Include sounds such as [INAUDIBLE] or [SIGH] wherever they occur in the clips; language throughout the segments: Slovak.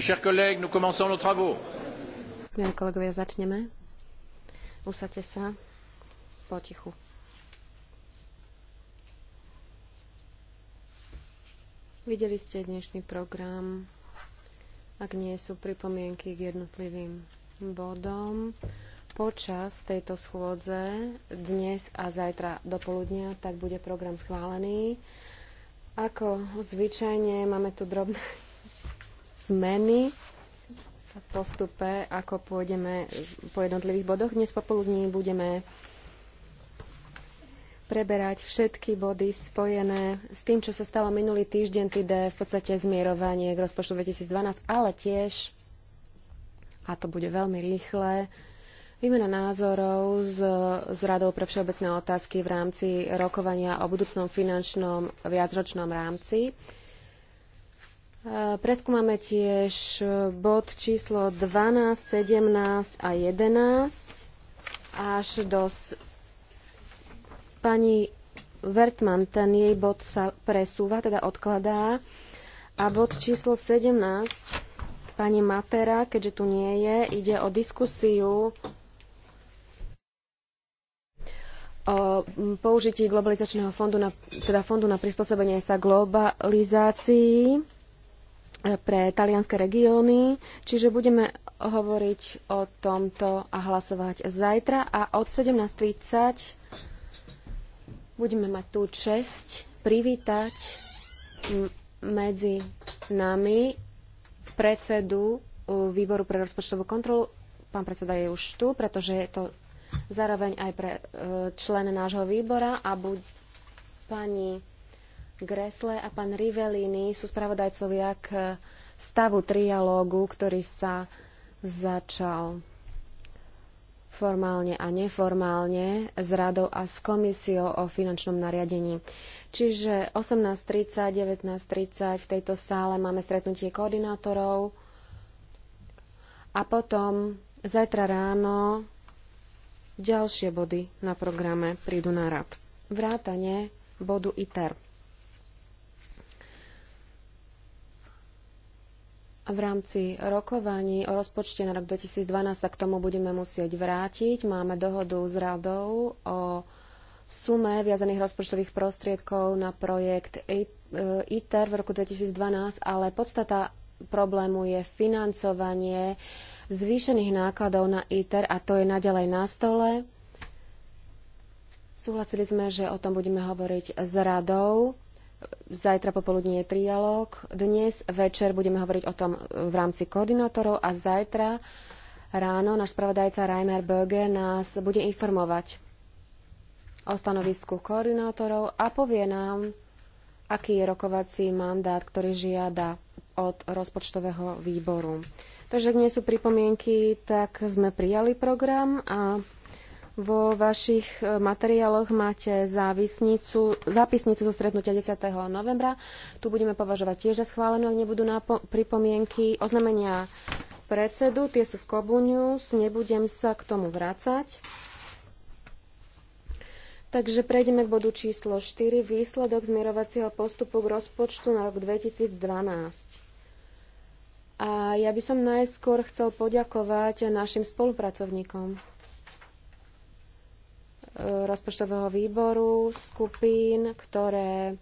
chers collègues, nous commençons nos travaux. začneme. Usadte sa potichu. Videli ste dnešný program. Ak nie sú pripomienky k jednotlivým bodom, počas tejto schôdze dnes a zajtra do poludnia, tak bude program schválený. Ako zvyčajne máme tu drobné zmeny v postupe, ako pôjdeme po jednotlivých bodoch. Dnes popoludní budeme preberať všetky body spojené s tým, čo sa stalo minulý týždeň, teda v podstate zmierovanie k rozpočtu 2012, ale tiež, a to bude veľmi rýchle, Výmena názorov s, s Radou pre všeobecné otázky v rámci rokovania o budúcnom finančnom viacročnom rámci. Eh, preskúmame tiež eh, bod číslo 12, 17 a 11 až do pani Vertman, ten jej bod sa presúva, teda odkladá. A bod číslo 17, pani Matera, keďže tu nie je, ide o diskusiu o použití globalizačného fondu na, teda fondu na prispôsobenie sa globalizácii pre talianske regióny, čiže budeme hovoriť o tomto a hlasovať zajtra a od 17.30 budeme mať tú čest privítať medzi nami predsedu výboru pre rozpočtovú kontrolu. Pán predseda je už tu, pretože je to zároveň aj pre e, člen nášho výbora a buď pani Gresle a pán Rivellini sú spravodajcovia k stavu trialógu, ktorý sa začal formálne a neformálne s radou a s komisiou o finančnom nariadení. Čiže 18.30, 19.30 v tejto sále máme stretnutie koordinátorov a potom zajtra ráno ďalšie body na programe prídu na rad. Vrátane bodu ITER. v rámci rokovaní o rozpočte na rok 2012 sa k tomu budeme musieť vrátiť. Máme dohodu s radou o sume viazaných rozpočtových prostriedkov na projekt e, ITER v roku 2012, ale podstata problému je financovanie zvýšených nákladov na ITER a to je naďalej na stole. Súhlasili sme, že o tom budeme hovoriť s radou Zajtra popoludní je trialóg. Dnes večer budeme hovoriť o tom v rámci koordinátorov a zajtra ráno náš spravodajca Reimer Böge nás bude informovať o stanovisku koordinátorov a povie nám, aký je rokovací mandát, ktorý žiada od rozpočtového výboru. Takže dnes sú pripomienky, tak sme prijali program a vo vašich e, materiáloch máte závisnicu, zápisnicu zo stretnutia 10. novembra. Tu budeme považovať tiež za schválenú, ak nebudú pripomienky. Oznamenia predsedu, tie sú v Kobunius, nebudem sa k tomu vrácať. Takže prejdeme k bodu číslo 4, výsledok zmierovacieho postupu k rozpočtu na rok 2012. A ja by som najskôr chcel poďakovať našim spolupracovníkom rozpočtového výboru, skupín, ktoré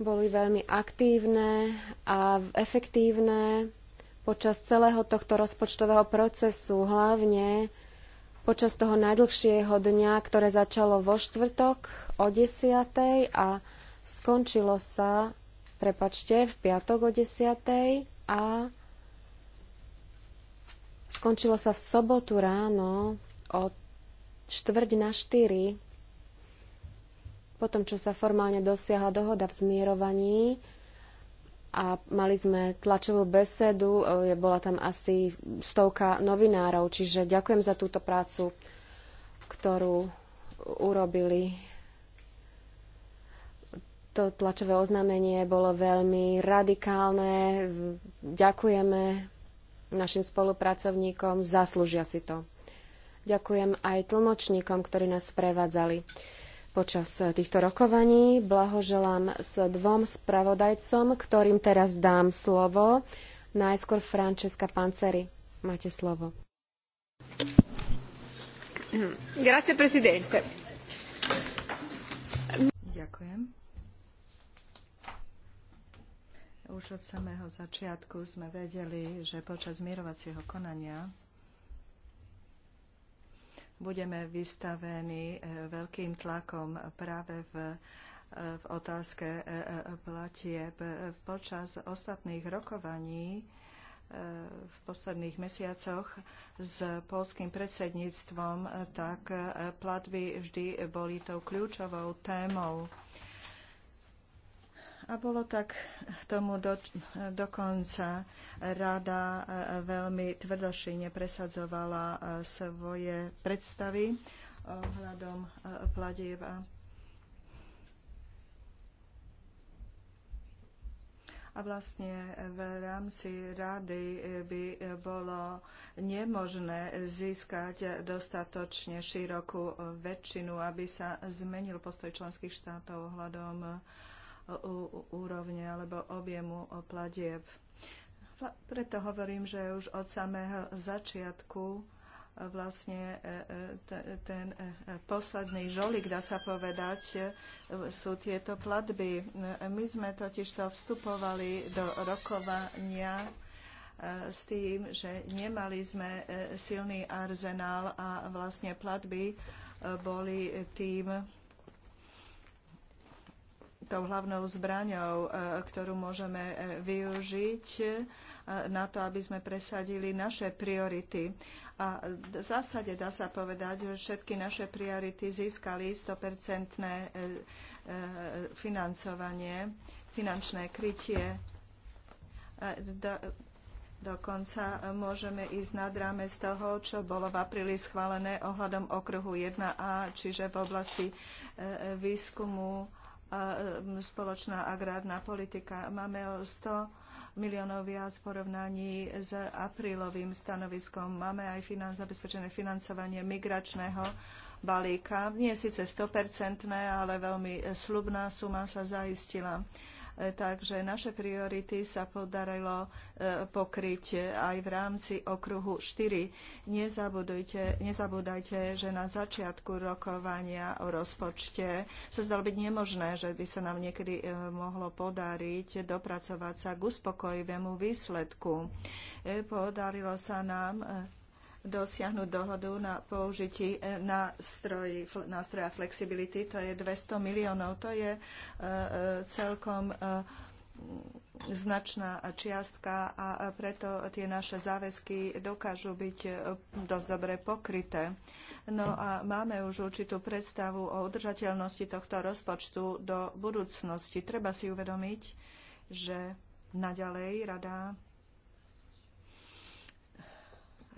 boli veľmi aktívne a efektívne počas celého tohto rozpočtového procesu, hlavne počas toho najdlhšieho dňa, ktoré začalo vo štvrtok o 10. a skončilo sa, prepačte, v piatok o 10. a skončilo sa v sobotu ráno od štvrť na štyri, potom čo sa formálne dosiahla dohoda v zmierovaní a mali sme tlačovú besedu, e, bola tam asi stovka novinárov, čiže ďakujem za túto prácu, ktorú urobili. To tlačové oznámenie bolo veľmi radikálne. Ďakujeme našim spolupracovníkom, zaslúžia si to. Ďakujem aj tlmočníkom, ktorí nás prevádzali počas eh, týchto rokovaní. Blahoželám s dvom spravodajcom, ktorým teraz dám slovo. Najskôr Francesca Panceri. Máte slovo. Grazie, presidente. Ďakujem. Už od samého začiatku sme vedeli, že počas mirovacieho konania budeme vystavení e, veľkým tlakom práve v e, v otázke e, platieb. Počas ostatných rokovaní v posledných mesiacoch s polským predsedníctvom, tak platby vždy boli tou kľúčovou témou. A bolo tak tomu do, dokonca. Rada e, veľmi tvrdošine presadzovala e, svoje predstavy ohľadom e, pladieva. A vlastne v rámci rady by bolo nemožné získať dostatočne širokú väčšinu, aby sa zmenil postoj členských štátov ohľadom úrovne alebo objemu platieb. Preto hovorím, že už od samého začiatku e, vlastne e, e, ten posledný žolík, dá sa povedať, sú tieto platby. My sme to vstupovali do rokovania s tým, že nemali sme silný arzenál a vlastne platby boli tým tou hlavnou zbraňou, e, ktorú môžeme e, využiť e, na to, aby sme presadili naše priority. A v zásade dá sa povedať, že všetky naše priority získali 100% financovanie, finančné krytie. Dokonca môžeme ísť nad z toho, čo bolo v apríli schválené ohľadom okruhu 1a, čiže v oblasti výskumu spoločná agrárna politika. Máme o 100 miliónov viac v porovnaní s aprílovým stanoviskom. Máme aj zabezpečené financovanie migračného balíka. Nie síce 100%, ale veľmi e, slubná suma sa zaistila takže naše priority sa podarilo e, pokryť aj v rámci okruhu 4. Nezabudujte, nezabúdajte, že na začiatku rokovania o rozpočte sa zdalo byť nemožné, že by sa nám niekedy e, mohlo podariť dopracovať sa k uspokojivému výsledku. E, podarilo sa nám dosiahnuť dohodu na použití e, nástroj, nástroja flexibility. To je 200 miliónov. To je e, e, celkom značná čiastka a preto tie naše záväzky dokážu byť dosť dobre pokryté. No a máme už určitú predstavu o udržateľnosti tohto rozpočtu do budúcnosti. Treba si uvedomiť, že naďalej rada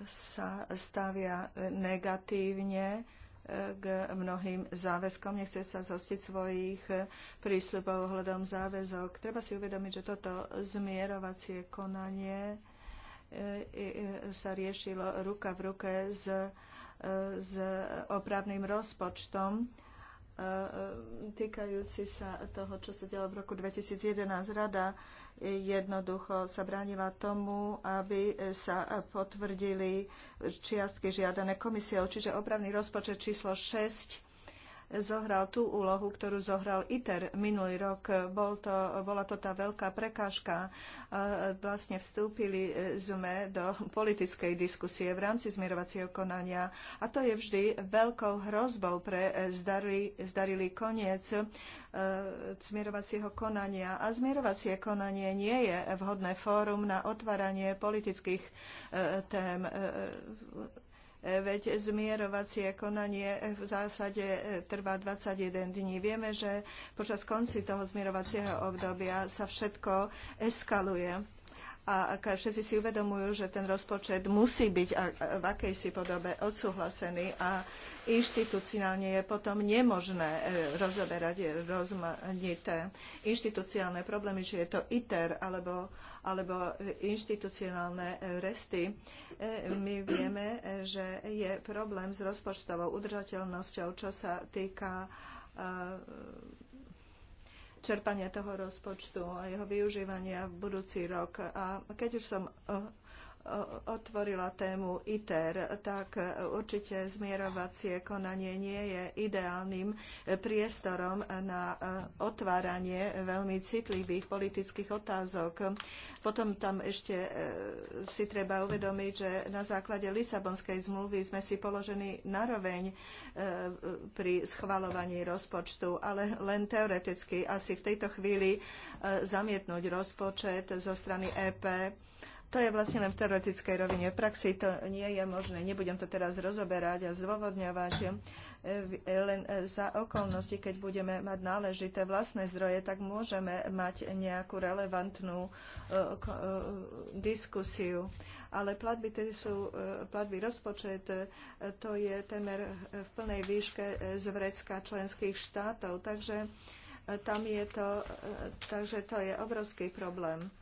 sa stavia e, negatívne e, k mnohým záväzkom, nechce sa zhostiť svojich e, prísľubov ohľadom záväzok. Treba si uvedomiť, že toto zmierovacie konanie sa riešilo ruka v ruke s, s opravným rozpočtom týkajúci sa toho, čo sa dialo v roku 2011. Rada jednoducho sa bránila tomu, aby sa potvrdili čiastky žiadané komisiou. Čiže obravný rozpočet číslo 6 zohral tú úlohu, ktorú zohral ITER minulý rok. Bol to, bola to tá veľká prekážka. Vlastne vstúpili e, sme do [LAUGHS] politickej diskusie v rámci zmierovacieho konania a to je vždy veľkou hrozbou pre e, zdarý, zdarilý koniec e, zmierovacieho konania. A zmierovacie konanie nie je vhodné fórum na otváranie politických tém E, veď zmierovacie konanie v zásade e, trvá 21 dní. Vieme, že počas konci toho zmierovacieho obdobia sa všetko eskaluje a všetci si uvedomujú, že ten rozpočet musí byť v akejsi podobe odsúhlasený a inštitucionálne je potom nemožné e, rozoberať rozmanité inštitucionálne problémy, či je to ITER alebo, alebo inštitucionálne e, resty. E, my vieme, že je problém s rozpočtovou udržateľnosťou, čo sa týka čerpania toho rozpočtu a jeho využívania v budúci rok. A keď už som eh, otvorila tému ITER, tak určite zmierovacie konanie nie je ideálnym priestorom na eh, otváranie veľmi citlivých politických otázok. Potom tam ešte eh, si treba uvedomiť, že na základe Lisabonskej zmluvy sme si položení naroveň eh, pri schvalovaní rozpočtu, ale len teoreticky asi v tejto chvíli zamietnúť rozpočet zo strany EP to je vlastne len v teoretickej rovine. V praxi to nie je možné. Nebudem to teraz rozoberať a zdôvodňovať. E, len za okolnosti, keď budeme mať náležité vlastné zdroje, tak môžeme mať nejakú relevantnú e, e, diskusiu. Ale platby, tedy sú, platby rozpočet, to je temer v plnej výške z vrecka členských štátov. Takže tam je to, takže to je obrovský problém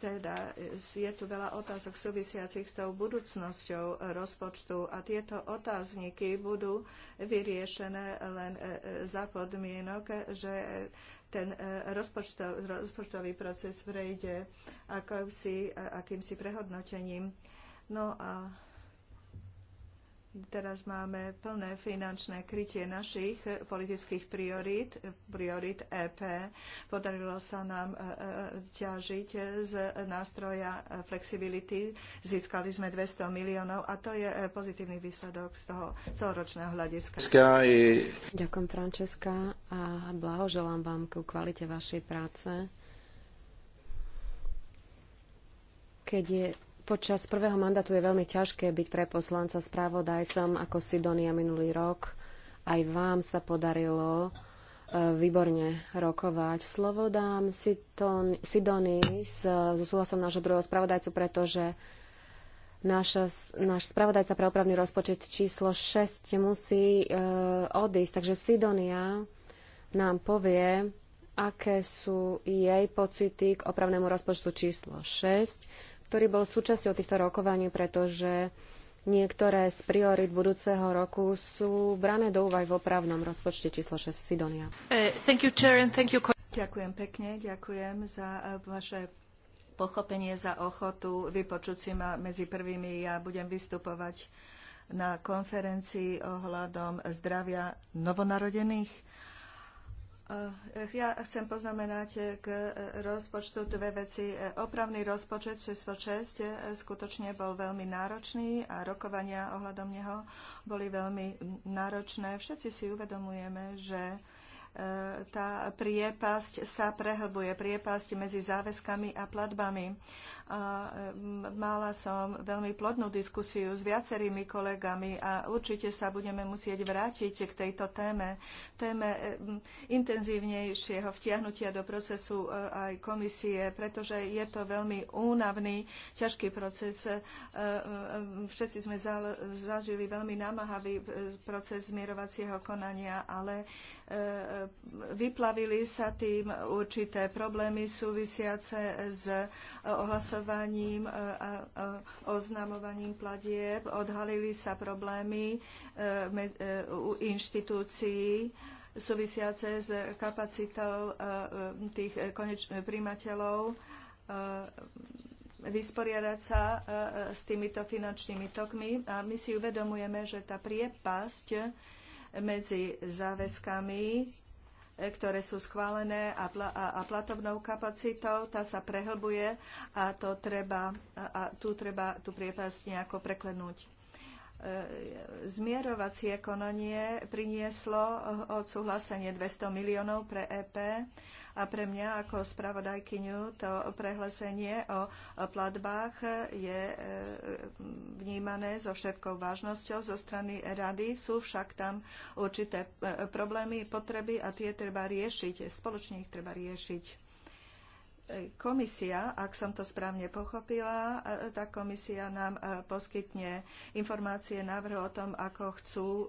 teda je tu veľa otázok súvisiacich s tou budúcnosťou rozpočtu a tieto otázniky budú vyriešené len e, e, za podmienok, že ten e, rozpočtový proces prejde akýmsi prehodnotením. No a Teraz máme plné finančné krytie našich politických priorít, priorít EP. Podarilo sa nám e, e, ťažiť z nástroja flexibility. Získali sme 200 miliónov a to je e, pozitívny výsledok z toho celoročného hľadiska. Ďakujem, Frančeska, a blahoželám vám ku kvalite vašej práce. Keď je Počas prvého mandátu je veľmi ťažké byť pre poslanca správodajcom ako Donia minulý rok. Aj vám sa podarilo e, výborne rokovať. Slovo dám Sidonii so súhlasom nášho druhého spravodajcu, pretože Naša, náš spravodajca pre opravný rozpočet číslo 6 musí e, odísť. Takže Sidonia nám povie, aké sú jej pocity k opravnému rozpočtu číslo 6 ktorý bol súčasťou týchto rokovaní, pretože niektoré z priorit budúceho roku sú brané do úvahy v opravnom rozpočte číslo 6 Sidonia. Eh, you, Chair, you... Ďakujem pekne, ďakujem za eh, vaše pochopenie, za ochotu vypočuť si ma medzi prvými. Ja budem vystupovať na konferencii ohľadom zdravia novonarodených Eh, ja chcem poznamenať eh, k eh, rozpočtu dve veci. Opravný rozpočet 606 skutočne bol veľmi náročný a rokovania ohľadom neho boli veľmi náročné. Všetci si uvedomujeme, že tá priepasť sa prehlbuje, priepasť medzi záväzkami a platbami a mala som veľmi plodnú diskusiu s viacerými kolegami a určite sa budeme musieť vrátiť k tejto téme, téme e, intenzívnejšieho vtiahnutia do procesu e, aj komisie, pretože je to veľmi únavný, ťažký proces. E, všetci sme zažili veľmi námahavý proces zmierovacieho konania, ale vyplavili sa tým určité problémy súvisiace s ohlasovaním hlasovaním e, a oznamovaním platieb odhalili sa problémy e, e, u inštitúcií súvisiace s kapacitou tých koneč- príjmateľov vysporiadať sa s týmito finančnými tokmi. A my si uvedomujeme, že tá priepasť medzi záväzkami ktoré sú schválené a, pl- a, a platobnou kapacitou, tá sa prehlbuje a, to treba, a, a tu treba tú priepasť nejako preklenúť e, zmierovacie konanie prinieslo e, odsúhlasenie 200 miliónov pre EP a pre mňa ako spravodajkyňu to prehlesenie o platbách je e, vnímané so všetkou vážnosťou zo strany rady. Sú však tam určité e, problémy, potreby a tie treba riešiť. Spoločne ich treba riešiť komisia, ak som to správne pochopila, e, tá komisia nám e, poskytne informácie, návrh o tom, ako chcú e,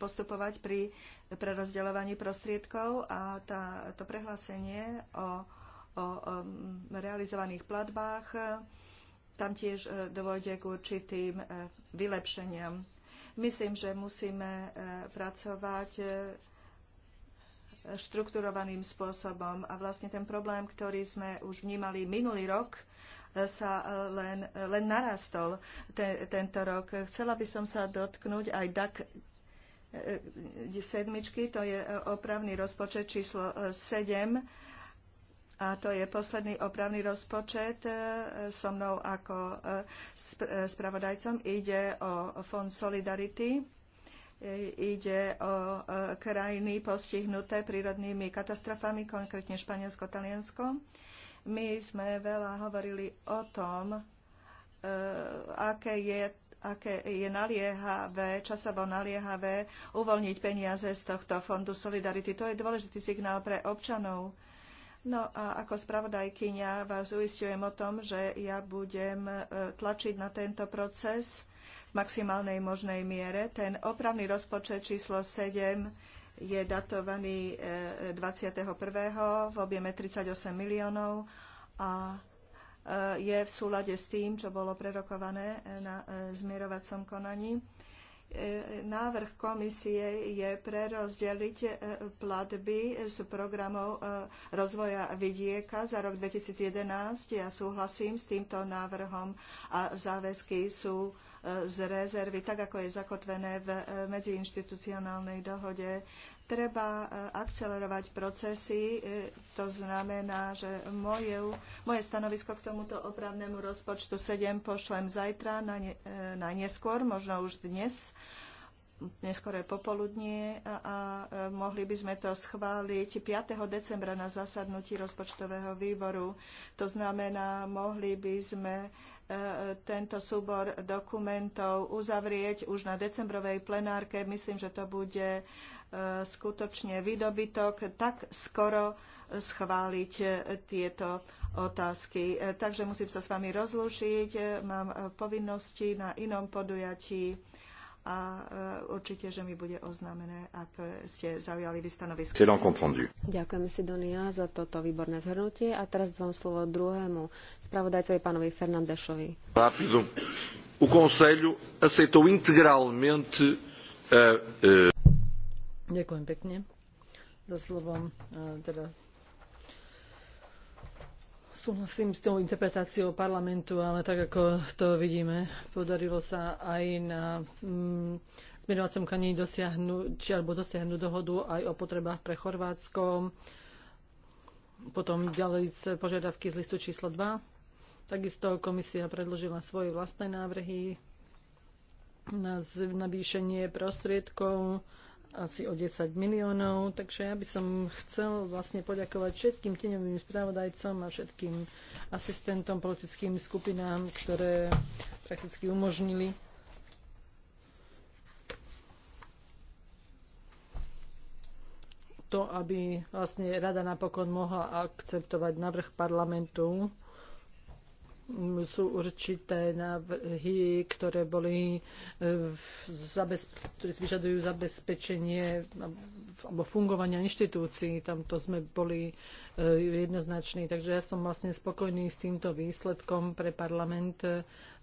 postupovať pri prerozdeľovaní prostriedkov a tá, to prehlásenie o, o, o realizovaných platbách, tam tiež dôjde k určitým vylepšeniam. Myslím, že musíme pracovať štrukturovaným spôsobom. A vlastne ten problém, ktorý sme už vnímali minulý rok, e, sa e, len, e, len narastol te, tento rok. Chcela by som sa dotknúť aj DAC sedmičky, to je opravný rozpočet číslo 7 a to je posledný opravný rozpočet so mnou ako spravodajcom. Ide o Fond Solidarity ide o e, krajiny postihnuté prírodnými katastrofami, konkrétne Španielsko, Taliansko. My sme veľa hovorili o tom, e, aké je aké je naliehavé, časovo naliehavé uvoľniť peniaze z tohto fondu Solidarity. To je dôležitý signál pre občanov. No a ako spravodajkyňa vás uistujem o tom, že ja budem e, tlačiť na tento proces v maximálnej možnej miere. Ten opravný rozpočet číslo 7 je datovaný 21. E, v objeme 38 miliónov a e, je v súlade s tým, čo bolo prerokované e, na zmierovacom konaní. E, návrh komisie je prerozdeliť e, platby z programov e, rozvoja vidieka za rok 2011. Ja súhlasím s týmto návrhom a záväzky sú z rezervy, tak ako je zakotvené v medziinštitucionálnej dohode treba e, akcelerovať procesy. E, to znamená, že moje, moje stanovisko k tomuto opravnému rozpočtu 7 pošlem zajtra na, ne, e, na neskôr, možno už dnes neskore popoludnie a, a mohli by sme to schváliť 5. decembra na zasadnutí rozpočtového výboru. To znamená, mohli by sme tento súbor dokumentov uzavrieť už na decembrovej plenárke. Myslím, že to bude skutočne vydobytok, tak skoro schváliť tieto otázky. Takže musím sa s vami rozlúčiť, mám povinnosti na inom podujatí a e, určite, že mi bude oznámené, ak ste zaujali vy stanovisko. Ďakujem si, Donia, za toto výborné zhrnutie a teraz dám slovo druhému spravodajcovi, pánovi Fernandešovi. Rápido. O Conselho aceitou integralmente a, eh, eh, Ďakujem pekne za slovo. Teda súhlasím s tou interpretáciou parlamentu, ale tak ako to vidíme, podarilo sa aj na mm, smerovacom kaní dosiahnuť, alebo dosiahnuť dohodu aj o potrebách pre Chorvátsko. Potom ďalej z požiadavky z listu číslo 2. Takisto komisia predložila svoje vlastné návrhy na navýšenie prostriedkov asi o 10 miliónov, takže ja by som chcel vlastne poďakovať všetkým teňovým spravodajcom a všetkým asistentom, politickým skupinám, ktoré prakticky umožnili to, aby vlastne rada napokon mohla akceptovať navrh parlamentu sú určité návrhy, ktoré boli e, ktoré vyžadujú zabezpečenie alebo fungovania inštitúcií. Tamto sme boli e, jednoznační. Takže ja som vlastne spokojný s týmto výsledkom pre parlament.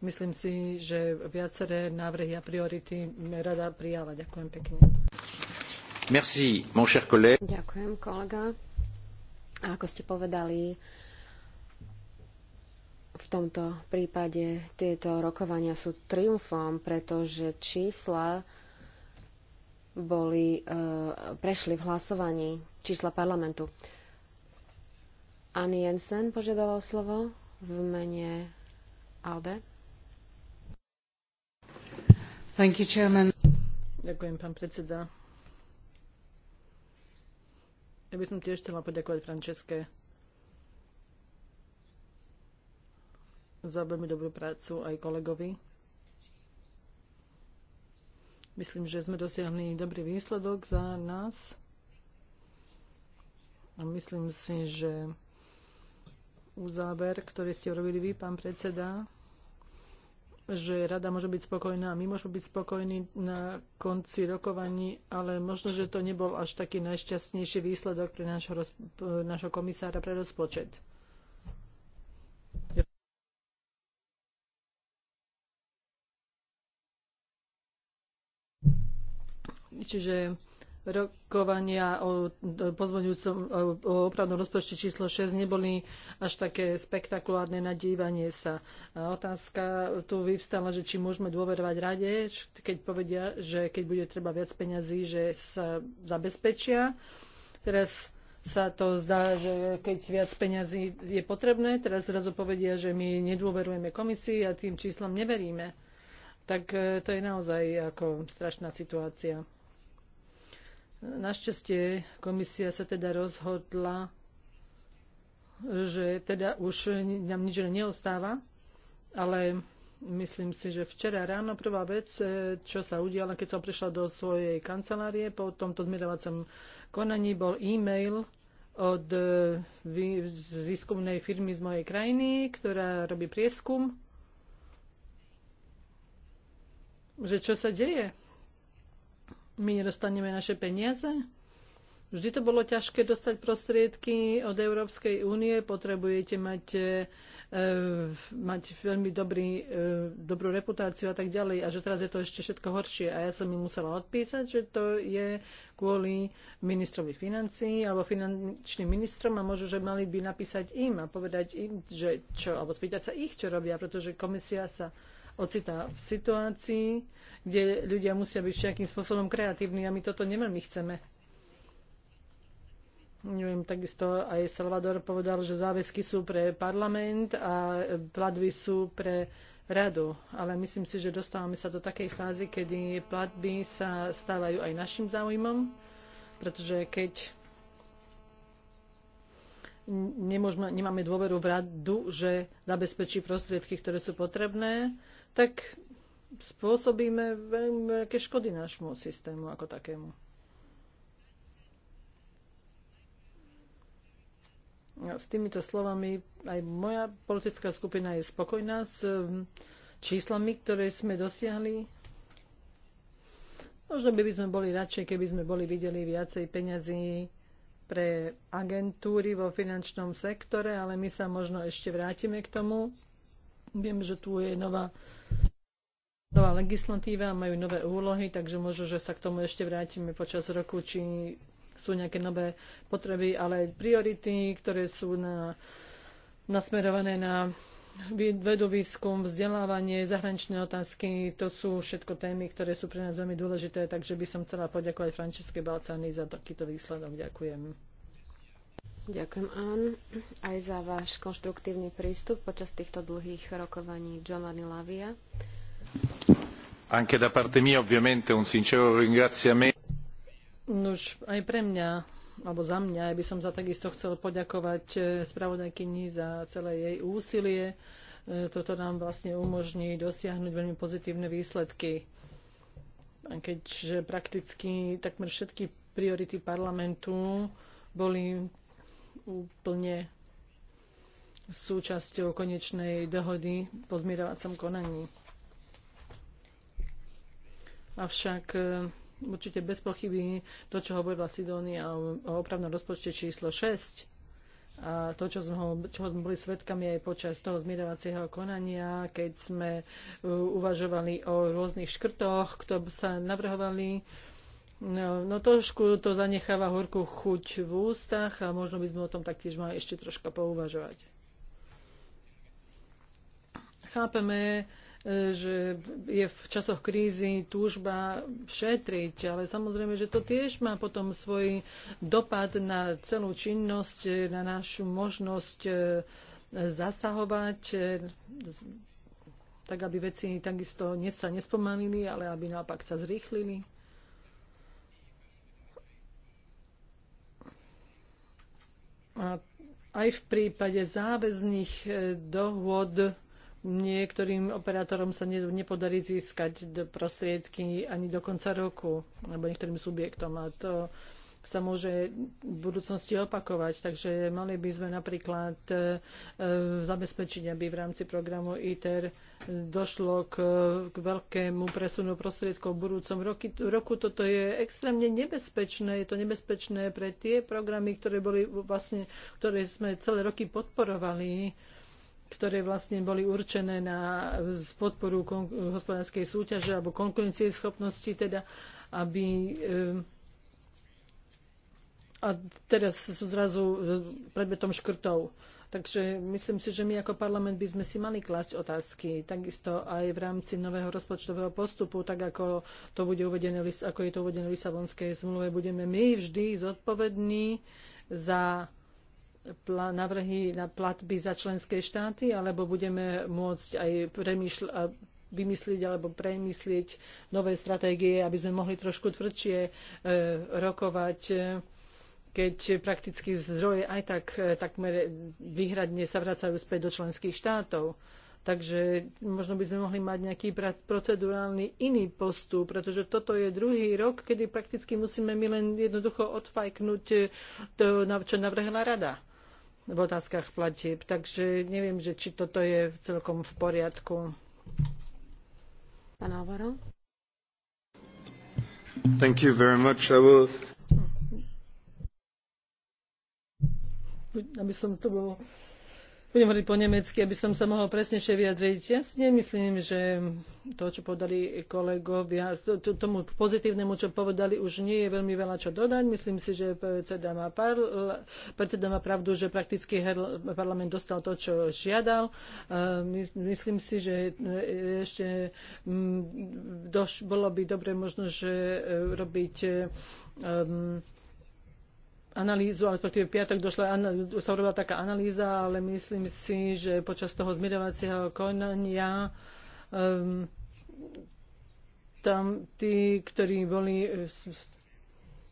Myslím si, že viaceré návrhy a priority rada prijala. Ďakujem pekne. Merci, mon cher Ďakujem, kolega. A ako ste povedali, v tomto prípade tieto rokovania sú triumfom, pretože čísla boli, e, prešli v hlasovaní čísla parlamentu. Ann Jensen požiadala o slovo v mene Alde. Thank you, Chairman. Ďakujem, pán predseda. Ja by som tiež chcela poďakovať Franceske za veľmi dobrú prácu aj kolegovi. Myslím, že sme dosiahli dobrý výsledok za nás. A myslím si, že uzáver, ktorý ste urobili vy, pán predseda, že rada môže byť spokojná a my môžeme byť spokojní na konci rokovaní, ale možno, že to nebol až taký najšťastnejší výsledok pre nášho, nášho komisára pre rozpočet. Čiže rokovania o pozvoňujúcom o opravnom rozpočte číslo 6 neboli až také spektakulárne na dívanie sa. A otázka tu vyvstala, že či môžeme dôverovať rade, keď povedia, že keď bude treba viac peňazí, že sa zabezpečia. Teraz sa to zdá, že keď viac peňazí je potrebné, teraz zrazu povedia, že my nedôverujeme komisii a tým číslom neveríme. Tak e, to je naozaj ako strašná situácia. Našťastie komisia sa teda rozhodla, že teda už nám nič neostáva, ale myslím si, že včera ráno prvá vec, e, čo sa udiala, keď som prišla do svojej kancelárie po tomto zmierovacom konaní, bol e-mail od e, výskumnej firmy z mojej krajiny, ktorá robí prieskum, že čo sa deje my nedostaneme naše peniaze? Vždy to bolo ťažké dostať prostriedky od Európskej únie, potrebujete mať, e, e, mať veľmi dobrý, e, dobrú reputáciu a tak ďalej a že teraz je to ešte všetko horšie a ja som mi musela odpísať, že to je kvôli ministrovi financií alebo finančným ministrom a možno, že mali by napísať im a povedať im, že čo, alebo spýtať sa ich, čo robia, pretože komisia sa ocitá v situácii, kde ľudia musia byť všakým spôsobom kreatívni a my toto nemáme, chceme. Neviem, takisto aj Salvador povedal, že záväzky sú pre parlament a platby sú pre radu. Ale myslím si, že dostávame sa do takej fázy, kedy platby sa stávajú aj našim záujmom, pretože keď nemôžeme, nemáme dôveru v radu, že zabezpečí prostriedky, ktoré sú potrebné, tak spôsobíme veľmi veľké škody nášmu systému ako takému. S týmito slovami aj moja politická skupina je spokojná s um, číslami, ktoré sme dosiahli. Možno by, by sme boli radšej, keby sme boli videli viacej peňazí pre agentúry vo finančnom sektore, ale my sa možno ešte vrátime k tomu. Viem, že tu je nová nová legislatíva, majú nové úlohy, takže možno, že sa k tomu ešte vrátime počas roku, či sú nejaké nové potreby, ale priority, ktoré sú na, nasmerované na vedu, výskum, vzdelávanie, zahraničné otázky, to sú všetko témy, ktoré sú pre nás veľmi dôležité, takže by som chcela poďakovať Frančiske Balcány za takýto výsledok. Ďakujem. Ďakujem, Ann, aj za váš konštruktívny prístup počas týchto dlhých rokovaní Giovanni Lavia. Anche da parte mia ovviamente un sincero ringraziamento. Nuž, aj pre mňa, alebo za mňa, ja by som sa takisto chcel poďakovať eh, spravodajkyni za celé jej úsilie. Eh, toto nám vlastne umožní dosiahnuť veľmi pozitívne výsledky. A keďže prakticky takmer všetky priority parlamentu boli úplne súčasťou konečnej dohody po zmierovacom konaní. Avšak e, určite bez pochyby to, čo hovorila Sidónia o opravnom rozpočte číslo 6, a to, čo sme, čoho sme boli svedkami aj počas toho zmierovacieho konania, keď sme e, uvažovali o rôznych škrtoch, ktoré sa navrhovali, No, no trošku to zanecháva horkú chuť v ústach a možno by sme o tom taktiež mali ešte troška pouvažovať. Chápeme, že je v časoch krízy túžba šetriť, ale samozrejme, že to tiež má potom svoj dopad na celú činnosť, na našu možnosť e, zasahovať, e, tak aby veci takisto sa nespomalili, ale aby naopak sa zrýchlili. A aj v prípade záväzných e, dohôd niektorým operátorom sa nepodarí získať prostriedky ani do konca roku, alebo niektorým subjektom. A to sa môže v budúcnosti opakovať. Takže mali by sme napríklad e, zabezpečiť, aby v rámci programu ITER došlo k, k veľkému presunu prostriedkov v budúcom roku. Toto je extrémne nebezpečné. Je to nebezpečné pre tie programy, ktoré, boli vlastne, ktoré sme celé roky podporovali ktoré vlastne boli určené na podporu hospodárskej súťaže alebo schopnosti, teda aby e, a teraz sú zrazu e, predmetom škrtov. Takže myslím si, že my ako parlament by sme si mali klásť otázky, takisto aj v rámci nového rozpočtového postupu, tak ako, to bude uvedené, ako je to uvedené v Lisabonskej zmluve, budeme my vždy zodpovední za návrhy na platby za členské štáty, alebo budeme môcť aj vymyslieť alebo premyslieť nové stratégie, aby sme mohli trošku tvrdšie e, rokovať, e, keď prakticky zdroje aj tak e, takmer výhradne sa vracajú späť do členských štátov. Takže možno by sme mohli mať nejaký procedurálny iný postup, pretože toto je druhý rok, kedy prakticky musíme my len jednoducho odfajknúť to, čo navrhla rada v otázkach platieb. Takže neviem, že či toto je celkom v poriadku. Pán Alvaro? Thank you very much. I will... Aby som to bol budem hovoriť po nemecky, aby som sa mohol presnejšie vyjadriť. Ja si nemyslím, že to, čo povedali kolegovia, to, to, tomu pozitívnemu, čo povedali, už nie je veľmi veľa čo dodať. Myslím si, že predseda má, par, predseda má pravdu, že prakticky parlament dostal to, čo žiadal. myslím si, že e, ešte doš, bolo by dobre možno, že e, robiť um, analýzu, ale v piatok došla, sa urobila taká analýza, ale myslím si, že počas toho zmierovacieho konania um, tam tí, ktorí boli e,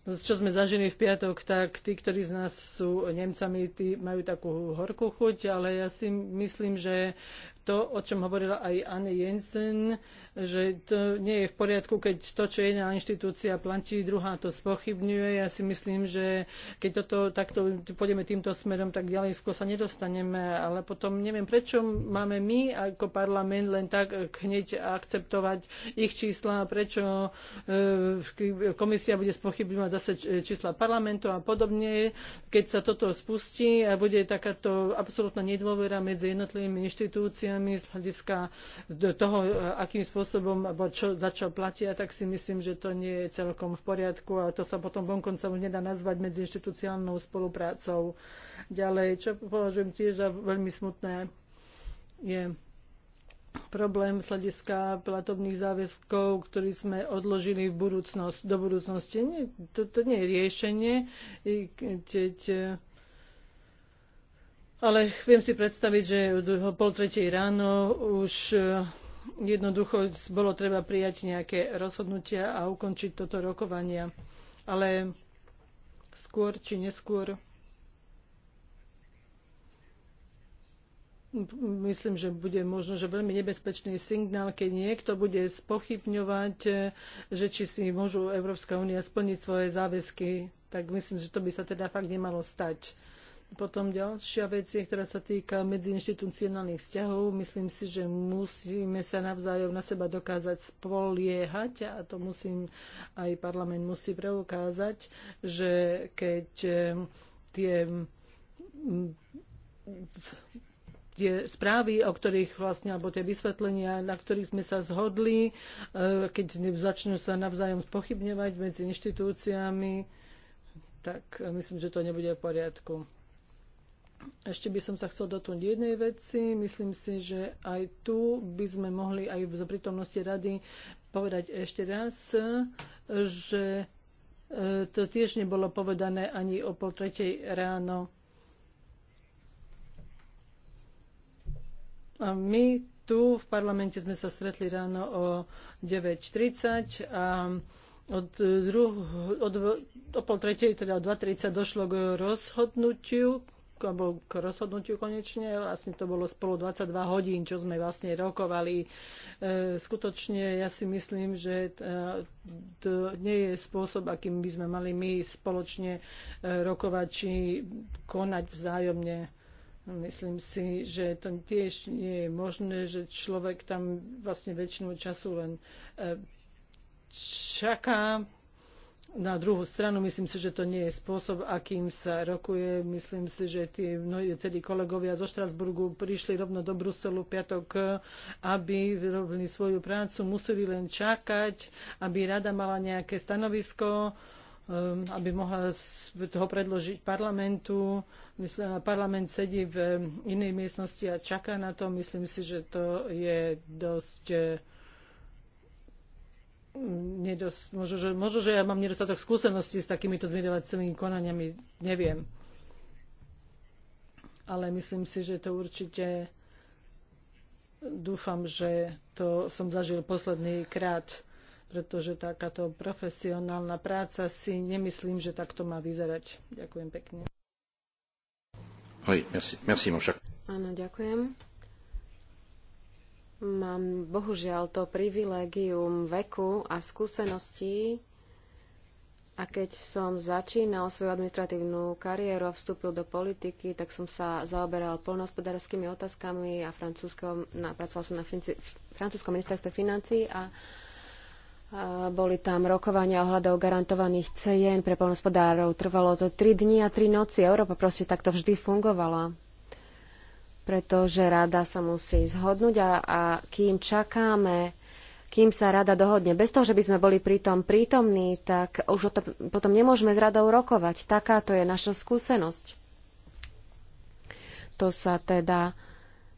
čo sme zažili v piatok, tak tí, ktorí z nás sú Nemcami, tí majú takú horkú chuť, ale ja si myslím, že to, o čom hovorila aj Anne Jensen, že to nie je v poriadku, keď to, čo jedna inštitúcia platí, druhá to spochybňuje. Ja si myslím, že keď toto takto pôjdeme týmto smerom, tak ďalej skôr sa nedostaneme. Ale potom neviem, prečo máme my ako parlament len tak hneď akceptovať ich čísla, prečo e, komisia bude spochybňovať zase čísla parlamentu a podobne. Keď sa toto spustí a bude takáto absolútna nedôvera medzi jednotlivými inštitúciami z hľadiska toho, e, akým spôsobom spôsobom, alebo čo, za čo platia, tak si myslím, že to nie je celkom v poriadku a to sa potom vonkoncom nedá nazvať medziinstitucionálnou spoluprácou. Ďalej, čo považujem tiež za veľmi smutné, je problém z hľadiska platobných záväzkov, ktorý sme odložili v budúcnosť, do budúcnosti. Nie, to, to nie je riešenie. Keď, e, ale viem si predstaviť, že o pol tretej ráno už e, Jednoducho bolo treba prijať nejaké rozhodnutia a ukončiť toto rokovania. Ale skôr či neskôr myslím, že bude možno, že veľmi nebezpečný signál, keď niekto bude spochybňovať, e, že či si môžu Európska únia splniť svoje záväzky, tak myslím, že to by sa teda fakt nemalo stať. Potom ďalšia vec je, ktorá sa týka medziinstitucionálnych vzťahov. Myslím si, že musíme sa navzájom na seba dokázať spoliehať a to musím, aj parlament musí preukázať, že keď eh, tie mm, tie správy, o ktorých vlastne, alebo tie vysvetlenia, na ktorých sme sa zhodli, eh, keď začnú sa navzájom spochybňovať medzi inštitúciami, tak eh, myslím, že to nebude v poriadku. Ešte by som sa chcel dotknúť jednej veci. Myslím si, že aj tu by sme mohli aj v prítomnosti rady povedať ešte raz, že e, to tiež nebolo povedané ani o pol tretej ráno. A my tu v parlamente sme sa stretli ráno o 9.30 a od, druh, od, o pol tretej, teda o 2.30 došlo k rozhodnutiu, alebo k rozhodnutiu konečne. Vlastne to bolo spolu 22 hodín, čo sme vlastne rokovali. E, skutočne ja si myslím, že e, to nie je spôsob, akým by sme mali my spoločne e, rokovať či konať vzájomne. Myslím si, že to tiež nie je možné, že človek tam vlastne väčšinu času len čaká na druhú stranu myslím si, že to nie je spôsob, akým sa rokuje. Myslím si, že tí mnohí celí kolegovia zo Štrasburgu prišli rovno do Bruselu v piatok, aby vyrobili svoju prácu. Museli len čakať, aby rada mala nejaké stanovisko um, aby mohla toho predložiť parlamentu. Myslím, parlament sedí v inej miestnosti a čaká na to. Myslím si, že to je dosť nedos, možno, že, možno, že ja mám nedostatok skúseností s takýmito zmierovacími konaniami, neviem. Ale myslím si, že to určite dúfam, že to som zažil posledný krát, pretože takáto profesionálna práca si nemyslím, že takto má vyzerať. Ďakujem pekne. Hej, merci, merci, Áno, ďakujem. Mám bohužiaľ to privilégium veku a skúseností. A keď som začínal svoju administratívnu kariéru a vstúpil do politiky, tak som sa zaoberal polnohospodárskymi otázkami a na, pracoval som na finci, francúzskom ministerstve financí a, a boli tam rokovania ohľadov garantovaných cien pre polnohospodárov. Trvalo to 3 dní a 3 noci. Európa proste takto vždy fungovala pretože rada sa musí zhodnúť a, a kým čakáme, kým sa rada dohodne, bez toho, že by sme boli pritom prítomní, tak už to, potom nemôžeme s radou rokovať. Taká to je naša skúsenosť. To sa teda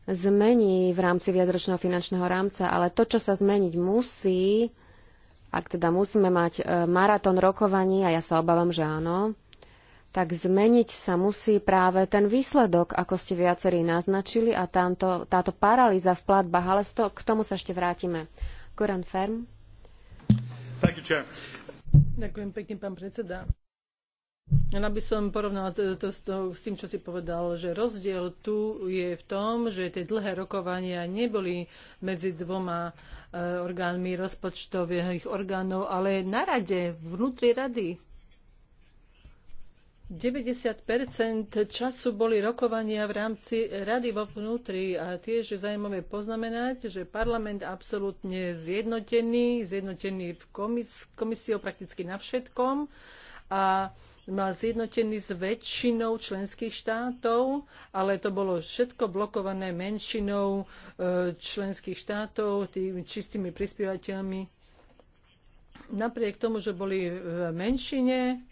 zmení v rámci viacročného finančného rámca, ale to, čo sa zmeniť musí, ak teda musíme mať e, maratón rokovaní, a ja sa obávam, že áno, tak zmeniť sa musí práve ten výsledok, ako ste viacerí naznačili, a tamto, táto paralýza v platbách, ale to, k tomu sa ešte vrátime. Goran Ferm. Thank you, chair. Ďakujem pekne, pán predseda. Ja by som porovnala to, to, to, s tým, čo si povedal, že rozdiel tu je v tom, že tie dlhé rokovania neboli medzi dvoma e, orgánmi rozpočtových orgánov, ale na rade, vnútri rady 90 času boli rokovania v rámci rady vo vnútri a tiež je zaujímavé poznamenať, že parlament absolútne zjednotený, zjednotený v komis- komisiou prakticky na všetkom a má zjednotený s väčšinou členských štátov, ale to bolo všetko blokované menšinou e, členských štátov, tými čistými prispievateľmi. Napriek tomu, že boli v menšine,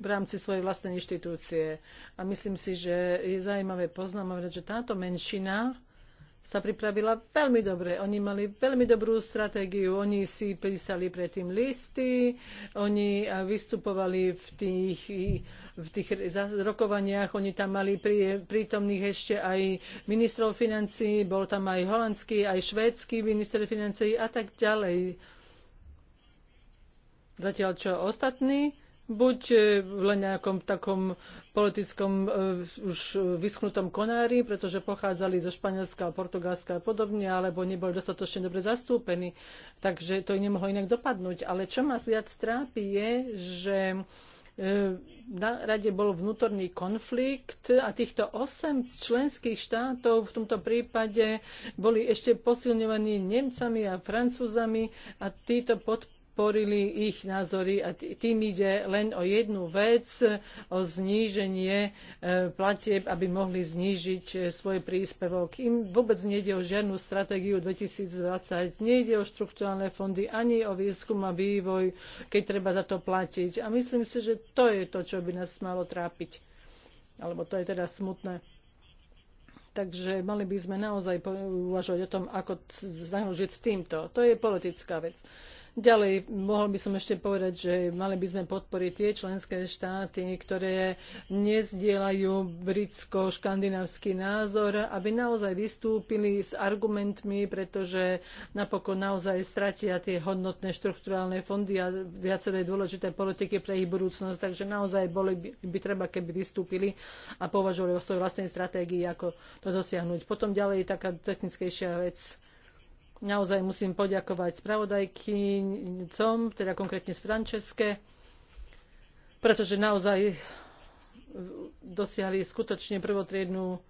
v rámci svojej vlastnej inštitúcie. A myslím si, že je zaujímavé poznamovať, že táto menšina sa pripravila veľmi dobre. Oni mali veľmi dobrú stratégiu. Oni si písali predtým listy, oni eh, vystupovali v tých, v tých rokovaniach, oni tam mali prí, prítomných ešte aj ministrov financí, bol tam aj holandský, aj švédsky minister financí a tak ďalej. Zatiaľ čo ostatní buď e, v len nejakom takom politickom e, už vyschnutom konári, pretože pochádzali zo Španielska, Portugalska a podobne, alebo neboli dostatočne dobre zastúpení, takže to nemohlo inak dopadnúť. Ale čo ma viac trápi je, že e, na rade bol vnútorný konflikt a týchto 8 členských štátov v tomto prípade boli ešte posilňovaní Nemcami a Francúzami a títo podporovali podporili ich názory a tým ide len o jednu vec, o zníženie e, platieb, aby mohli znížiť e, svoj príspevok. Im vôbec nejde o žiadnu stratégiu 2020, nejde o štrukturálne fondy, ani o výskum a vývoj, keď treba za to platiť. A myslím si, že to je to, čo by nás malo trápiť. Alebo to je teda smutné. Takže mali by sme naozaj uvažovať o tom, ako naložiť s týmto. To je politická vec. Ďalej, mohol by som ešte povedať, že mali by sme podporiť tie členské štáty, ktoré nezdielajú britsko-škandinávsky názor, aby naozaj vystúpili s argumentmi, pretože napokon naozaj stratia tie hodnotné štruktúrálne fondy a viaceré dôležité politiky pre ich budúcnosť. Takže naozaj boli by, by treba, keby vystúpili a považovali o svojej vlastnej stratégii, ako to dosiahnuť. Potom ďalej taká technickejšia vec naozaj musím poďakovať spravodajkyňcom, teda konkrétne z Franceske, pretože naozaj dosiahli skutočne prvotriednú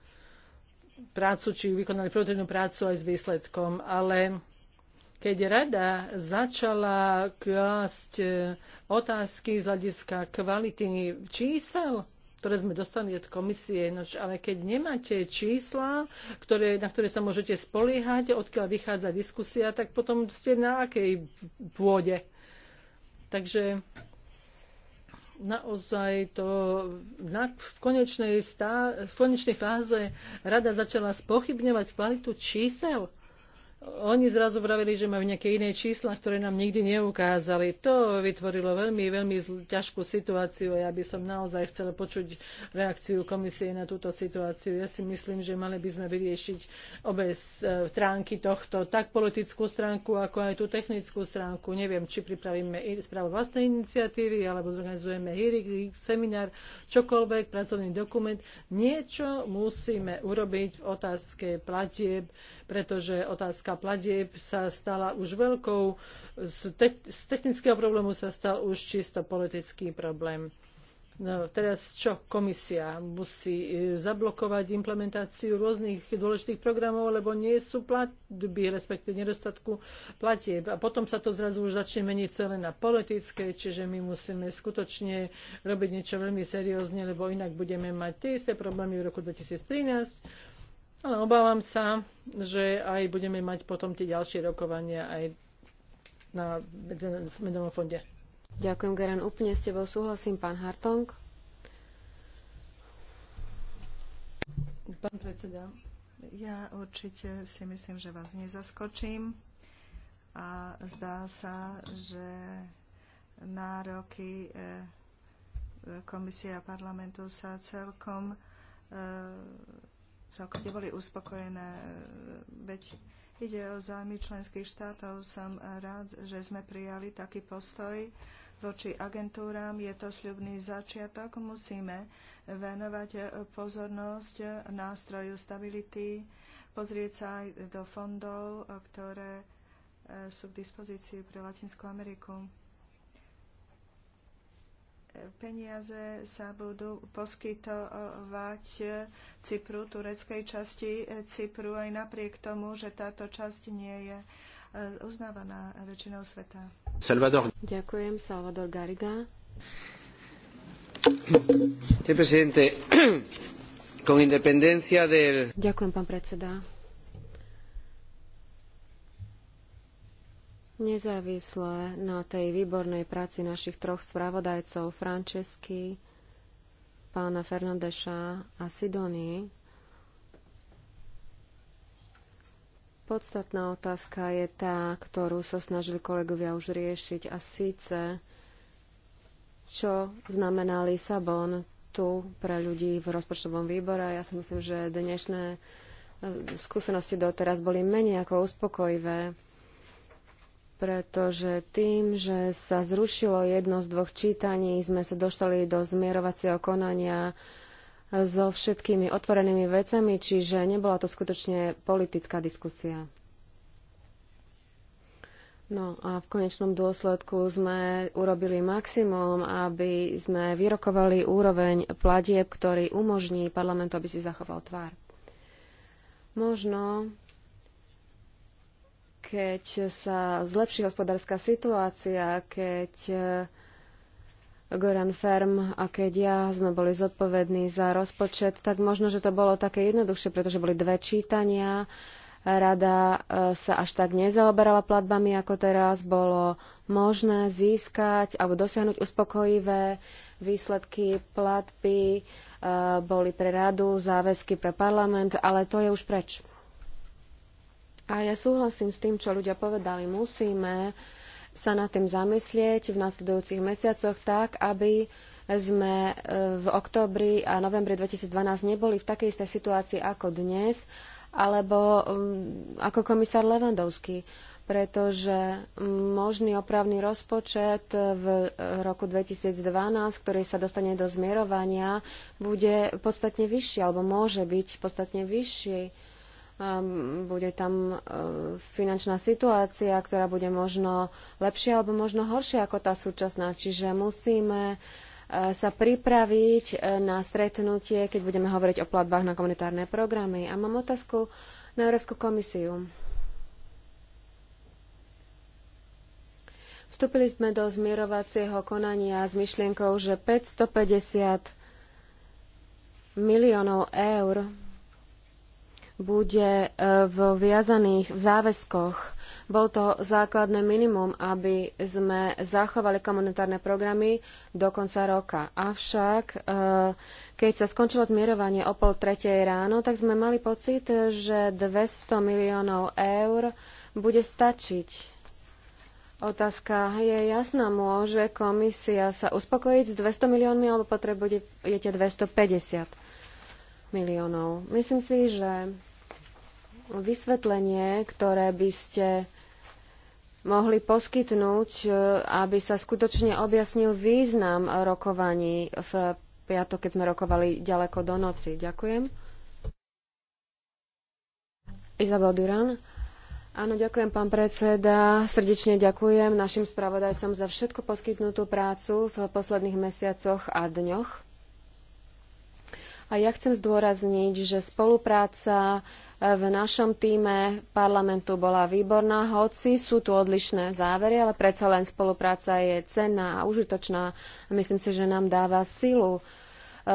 prácu, či vykonali prvotriednú prácu aj s výsledkom. Ale keď rada začala klásť otázky z hľadiska kvality čísel, ktoré sme dostali od komisie. Noč, ale keď nemáte čísla, ktoré, na ktoré sa môžete spoliehať, odkiaľ vychádza diskusia, tak potom ste na akej pôde. Takže naozaj to na, v, konečnej stá, v konečnej fáze rada začala spochybňovať kvalitu čísel oni zrazu vravili, že majú nejaké iné čísla, ktoré nám nikdy neukázali. To vytvorilo veľmi, veľmi ťažkú situáciu a ja by som naozaj chcela počuť reakciu komisie na túto situáciu. Ja si myslím, že mali by sme vyriešiť obe e, stránky tohto, tak politickú stránku, ako aj tú technickú stránku. Neviem, či pripravíme správu vlastnej iniciatívy, alebo zorganizujeme hearing, seminár, čokoľvek, pracovný dokument. Niečo musíme urobiť v otázke platieb, pretože otázka otázka platieb sa stala už veľkou, z, te, z technického problému sa stal už čisto politický problém. No, teraz čo? Komisia musí e, zablokovať implementáciu rôznych dôležitých programov, lebo nie sú platby, respektíve nedostatku platieb. A potom sa to zrazu už začne meniť celé na politické, čiže my musíme skutočne robiť niečo veľmi seriózne, lebo inak budeme mať tie isté problémy v roku 2013 ale obávam sa, že aj budeme mať potom tie ďalšie rokovania aj na Medzinárodnom fonde. Ďakujem, Geran. Úplne s tebou súhlasím, pán Hartong. Pán predseda. Ja určite si myslím, že vás nezaskočím a zdá sa, že nároky eh, komisie a parlamentu sa celkom eh, celkom neboli uspokojené, e, veď ide o zájmy členských štátov. Som rád, že sme prijali taký postoj voči agentúram. Je to sľubný začiatok. Musíme venovať pozornosť nástroju stability, pozrieť sa aj do fondov, ktoré e, sú k dispozícii pre Latinskú Ameriku peniaze sa budú poskytovať Cypru, tureckej časti Cypru, aj napriek tomu, že táto časť nie je e, uznávaná väčšinou sveta. Salvador. Ďakujem, Salvador Gariga. Ďakujem, pán predseda. Nezávisle na tej výbornej práci našich troch spravodajcov Francesky, pána Fernandeša a Sidony, podstatná otázka je tá, ktorú sa snažili kolegovia už riešiť a síce, čo znamená Lisabon tu pre ľudí v rozpočtovom výbore. Ja si myslím, že dnešné eh, skúsenosti doteraz boli menej ako uspokojivé pretože tým, že sa zrušilo jedno z dvoch čítaní, sme sa doštali do zmierovacieho konania so všetkými otvorenými vecami, čiže nebola to skutočne politická diskusia. No a v konečnom dôsledku sme urobili maximum, aby sme vyrokovali úroveň platieb, ktorý umožní parlamentu, aby si zachoval tvár. Možno keď sa zlepší hospodárska situácia, keď e, Goran Ferm a keď ja sme boli zodpovední za rozpočet, tak možno, že to bolo také jednoduchšie, pretože boli dve čítania. Rada e, sa až tak nezaoberala platbami, ako teraz bolo možné získať alebo dosiahnuť uspokojivé výsledky platby. E, boli pre radu záväzky pre parlament, ale to je už preč. A ja súhlasím s tým, čo ľudia povedali. Musíme sa nad tým zamyslieť v nasledujúcich mesiacoch tak, aby sme e, v októbri a novembri 2012 neboli v takej istej situácii ako dnes, alebo mm, ako komisár Levandovský, pretože možný opravný rozpočet v roku 2012, ktorý sa dostane do zmierovania, bude podstatne vyšší, alebo môže byť podstatne vyšší Ehm, bude tam ehm, finančná situácia, ktorá bude možno lepšia alebo možno horšia ako tá súčasná. Čiže musíme eh, sa pripraviť eh, na stretnutie, keď budeme hovoriť o platbách na komunitárne programy. A mám otázku na Európsku komisiu. Vstúpili sme do zmierovacieho konania s myšlienkou, že 550 miliónov eur bude e, v viazaných v záväzkoch. Bol to základné minimum, aby sme zachovali komunitárne programy do konca roka. Avšak, e, keď sa skončilo zmierovanie o pol tretej ráno, tak sme mali pocit, že 200 miliónov eur bude stačiť. Otázka je jasná. Môže komisia sa uspokojiť s 200 miliónmi alebo potrebujete 250? miliónov. Myslím si, že vysvetlenie, ktoré by ste mohli poskytnúť, e, aby sa skutočne objasnil význam rokovaní v piatok, keď sme rokovali ďaleko do noci. Ďakujem. Izabel Duran. Áno, ďakujem, pán predseda. Srdečne ďakujem našim spravodajcom za všetko poskytnutú prácu v posledných mesiacoch a dňoch. A ja chcem zdôrazniť, že spolupráca e, v našom týme parlamentu bola výborná, hoci sú tu odlišné závery, ale predsa len spolupráca je cenná a užitočná. A myslím si, že nám dáva silu e,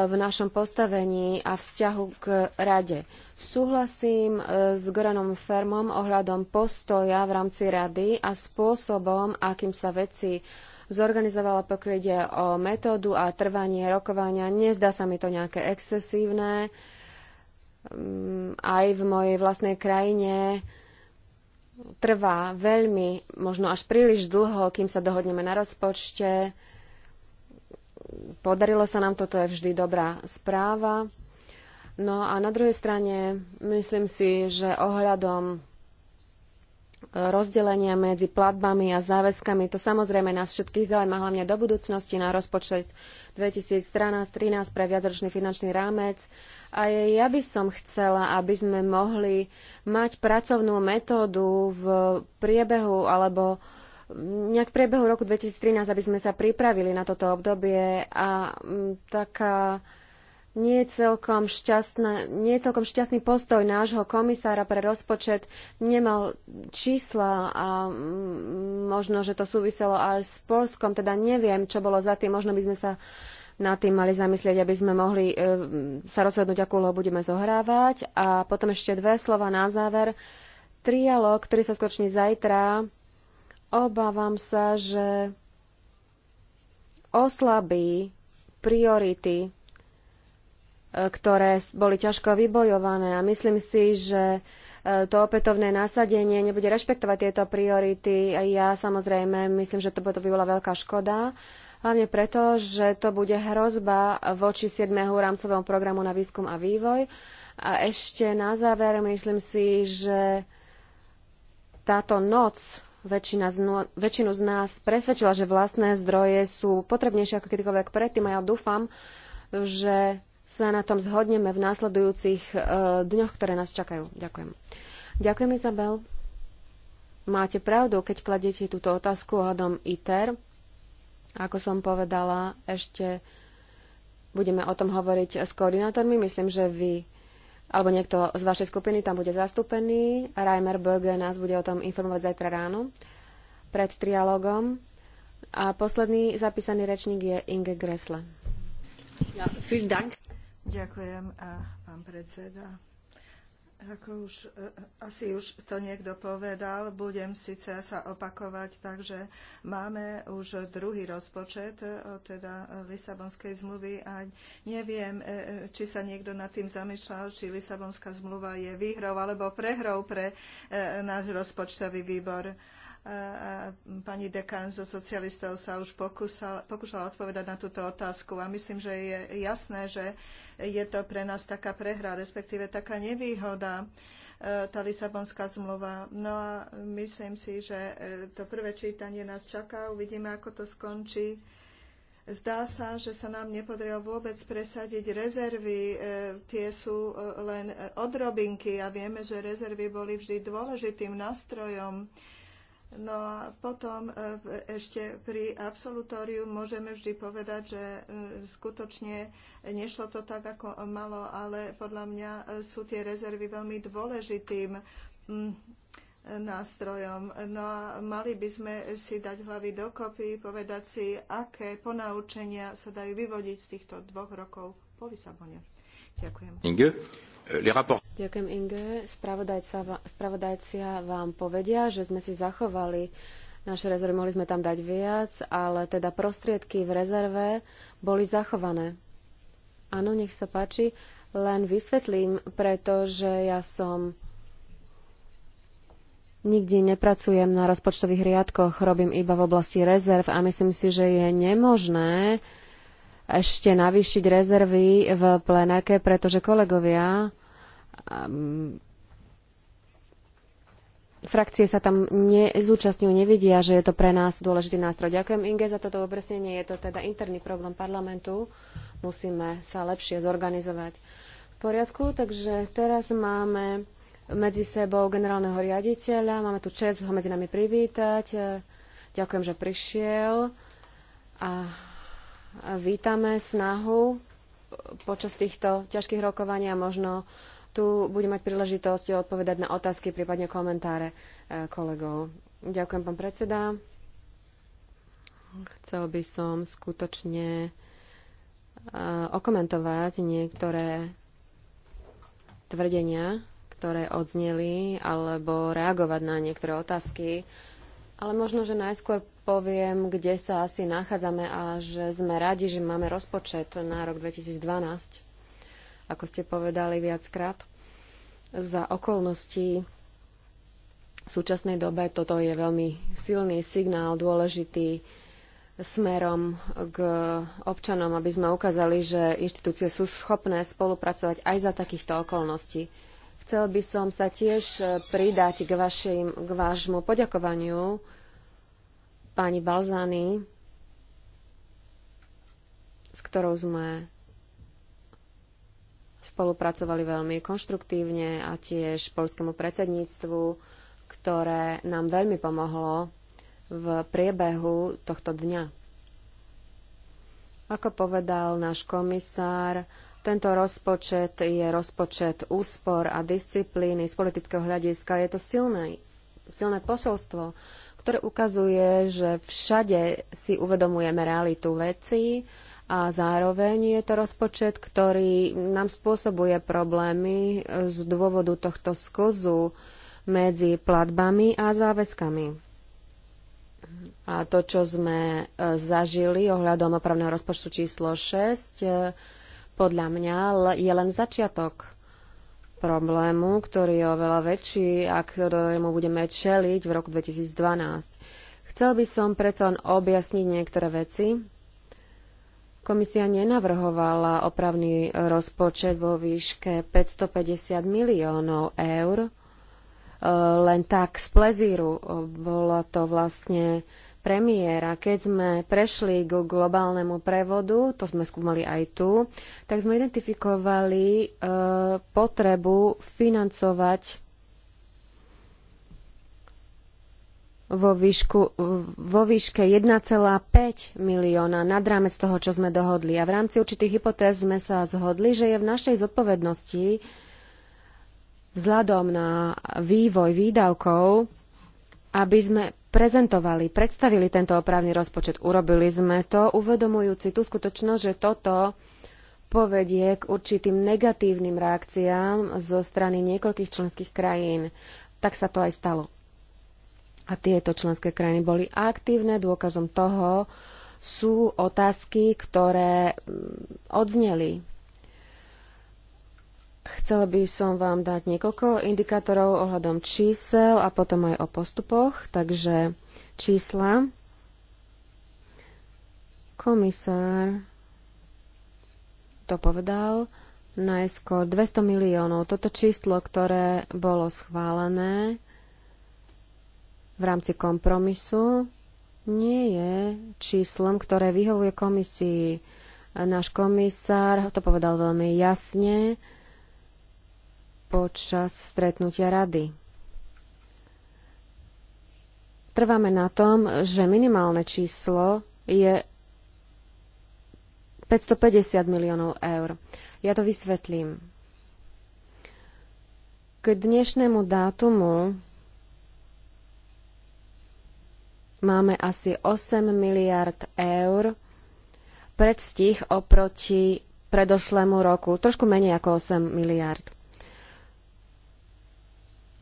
v našom postavení a vzťahu k rade. Súhlasím e, s Goranom Fermom ohľadom postoja v rámci rady a spôsobom, akým sa veci zorganizovala, pokiaľ ide o metódu a trvanie rokovania. Nezdá sa mi to nejaké excesívne. Mm, aj v mojej vlastnej krajine trvá veľmi, možno až príliš dlho, kým sa dohodneme na rozpočte. Podarilo sa nám, toto je vždy dobrá správa. No a na druhej strane, myslím si, že ohľadom rozdelenia medzi platbami a záväzkami. To samozrejme nás všetkých zaujíma, hlavne do budúcnosti na rozpočet 2013-2013 pre viacročný finančný rámec. A ja by som chcela, aby sme mohli mať pracovnú metódu v priebehu alebo nejak v priebehu roku 2013, aby sme sa pripravili na toto obdobie a mm, taká nie je celkom, šťastné, nie je celkom šťastný postoj nášho komisára pre rozpočet. Nemal čísla a mm, možno, že to súviselo aj s Polskom, teda neviem, čo bolo za tým. Možno by sme sa nad tým mali zamyslieť, aby sme mohli e, sa rozhodnúť, akú úlohu budeme zohrávať. A potom ešte dve slova na záver. Trialog, ktorý sa skutoční zajtra, obávam sa, že oslabí priority ktoré boli ťažko vybojované. A myslím si, že e, to opätovné nasadenie nebude rešpektovať tieto priority. Ja samozrejme myslím, že to by bola veľká škoda. Hlavne preto, že to bude hrozba voči 7. rámcovému programu na výskum a vývoj. A ešte na záver myslím si, že táto noc väčšina z, no- väčšinu z nás presvedčila, že vlastné zdroje sú potrebnejšie ako kedykoľvek predtým a ja dúfam, že sa na tom zhodneme v následujúcich e, dňoch, ktoré nás čakajú. Ďakujem. Ďakujem, Izabel. Máte pravdu, keď kladete túto otázku ohľadom ITER. Ako som povedala, ešte budeme o tom hovoriť s koordinátormi. Myslím, že vy alebo niekto z vašej skupiny tam bude zastúpený. Reimer Böge nás bude o tom informovať zajtra ráno pred trialogom. A posledný zapísaný rečník je Inge Gressle. Ja, vielen Dank. Ďakujem, pán predseda. Ako už, e, e, asi už to niekto povedal, budem síce sa opakovať, takže máme už druhý rozpočet, e, teda Lisabonskej zmluvy a neviem, či sa niekto nad tým zamýšľal, či Lisabonská zmluva je výhrou alebo prehrou pre náš rozpočtový výbor. A Pani dekán zo socialistov sa už pokúsala, pokúšala odpovedať na túto otázku a myslím, že je jasné, že je to pre nás taká prehra, respektíve taká nevýhoda e, tá Lisabonská zmluva. No a myslím si, že e, to prvé čítanie nás čaká, uvidíme, ako to skončí. Zdá sa, že sa nám nepodarilo vôbec presadiť rezervy. E, tie sú len odrobinky a vieme, že rezervy boli vždy dôležitým nástrojom No a potom e, ešte pri absolutóriu môžeme vždy povedať, že e, skutočne nešlo to tak, ako malo, ale podľa mňa e, sú tie rezervy veľmi dôležitým mm, nástrojom. No a mali by sme si dať hlavy dokopy, povedať si, aké ponaučenia sa dajú vyvodiť z týchto dvoch rokov po Lisabone. Ďakujem. Inge? Ďakujem, Inge. Spravodajcia vám povedia, že sme si zachovali naše rezervy, mohli sme tam dať viac, ale teda prostriedky v rezerve boli zachované. Áno, nech sa páči. Len vysvetlím, pretože ja som nikdy nepracujem na rozpočtových riadkoch, robím iba v oblasti rezerv a myslím si, že je nemožné ešte navýšiť rezervy v plenárke, pretože kolegovia um, frakcie sa tam nezúčastňujú, nevidia, že je to pre nás dôležitý nástroj. Ďakujem Inge za toto obresnenie. Je to teda interný problém parlamentu. Musíme sa lepšie zorganizovať. V poriadku, takže teraz máme medzi sebou generálneho riaditeľa. Máme tu čest ho medzi nami privítať. Ďakujem, že prišiel. A vítame snahu počas týchto ťažkých rokovaní a možno tu budem mať príležitosť odpovedať na otázky, prípadne komentáre e, kolegov. Ďakujem, pán predseda. Chcel by som skutočne e, okomentovať niektoré tvrdenia, ktoré odzneli, alebo reagovať na niektoré otázky. Ale možno, že najskôr poviem, kde sa asi nachádzame a že sme radi, že máme rozpočet na rok 2012, ako ste povedali viackrát. Za okolnosti v súčasnej dobe toto je veľmi silný signál, dôležitý smerom k občanom, aby sme ukázali, že inštitúcie sú schopné spolupracovať aj za takýchto okolností. Chcel by som sa tiež pridať k, vašim, k vášmu poďakovaniu pani Balzány, s ktorou sme spolupracovali veľmi konštruktívne a tiež polskému predsedníctvu, ktoré nám veľmi pomohlo v priebehu tohto dňa. Ako povedal náš komisár, tento rozpočet je rozpočet úspor a disciplíny z politického hľadiska. Je to silné, silné posolstvo, ktoré ukazuje, že všade si uvedomujeme realitu veci a zároveň je to rozpočet, ktorý nám spôsobuje problémy z dôvodu tohto skozu medzi platbami a záväzkami. A to, čo sme e, zažili ohľadom opravného rozpočtu číslo 6, e, podľa mňa je len začiatok problému, ktorý je oveľa väčší a ktorému budeme čeliť v roku 2012. Chcel by som predsa len objasniť niektoré veci. Komisia nenavrhovala opravný rozpočet vo výške 550 miliónov eur, eh, len tak z plezíru. Bola to vlastne premiéra. Keď sme prešli k globálnemu prevodu, to sme skúmali aj tu, tak sme identifikovali e, potrebu financovať vo, výšku, vo výške 1,5 milióna nad rámec toho, čo sme dohodli. A v rámci určitých hypotéz sme sa zhodli, že je v našej zodpovednosti vzhľadom na vývoj výdavkov, aby sme prezentovali, predstavili tento opravný rozpočet. Urobili sme to, uvedomujúci tú skutočnosť, že toto povedie k určitým negatívnym reakciám zo strany niekoľkých členských krajín. Tak sa to aj stalo. A tieto členské krajiny boli aktívne. Dôkazom toho sú otázky, ktoré mm, odzneli Chcela by som vám dať niekoľko indikátorov ohľadom čísel a potom aj o postupoch. Takže čísla. Komisár to povedal. Najskôr 200 miliónov. Toto číslo, ktoré bolo schválené v rámci kompromisu, nie je číslom, ktoré vyhovuje komisii. Náš komisár to povedal veľmi jasne počas stretnutia rady. Trváme na tom, že minimálne číslo je 550 miliónov eur. Ja to vysvetlím. K dnešnému dátumu máme asi 8 miliard eur predstih oproti predošlému roku, trošku menej ako 8 miliard.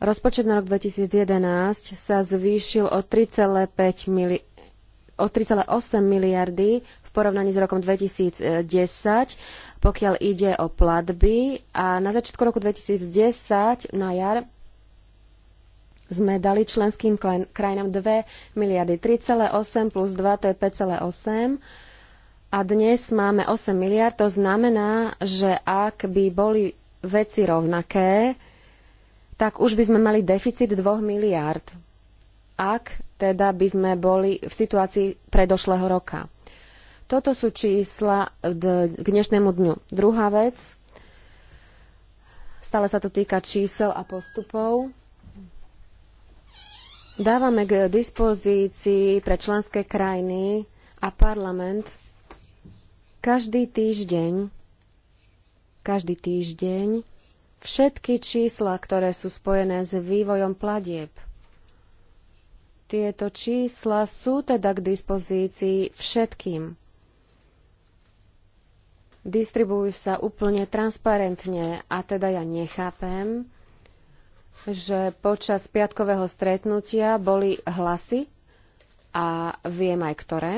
Rozpočet na rok 2011 sa zvýšil o 3,5 mili- o 3,8 miliardy v porovnaní s rokom 2010, pokiaľ ide o platby. A na začiatku roku 2010, na jar, sme dali členským krajinám 2 miliardy. 3,8 plus 2 to je 5,8. A dnes máme 8 miliard. To znamená, že ak by boli veci rovnaké, tak už by sme mali deficit 2 miliárd, ak teda by sme boli v situácii predošlého roka. Toto sú čísla k dnešnému dňu. Druhá vec, stále sa to týka čísel a postupov. Dávame k dispozícii pre členské krajiny a parlament každý týždeň každý týždeň všetky čísla, ktoré sú spojené s vývojom pladieb. Tieto čísla sú teda k dispozícii všetkým. Distribujú sa úplne transparentne a teda ja nechápem, že počas piatkového stretnutia boli hlasy a viem aj ktoré,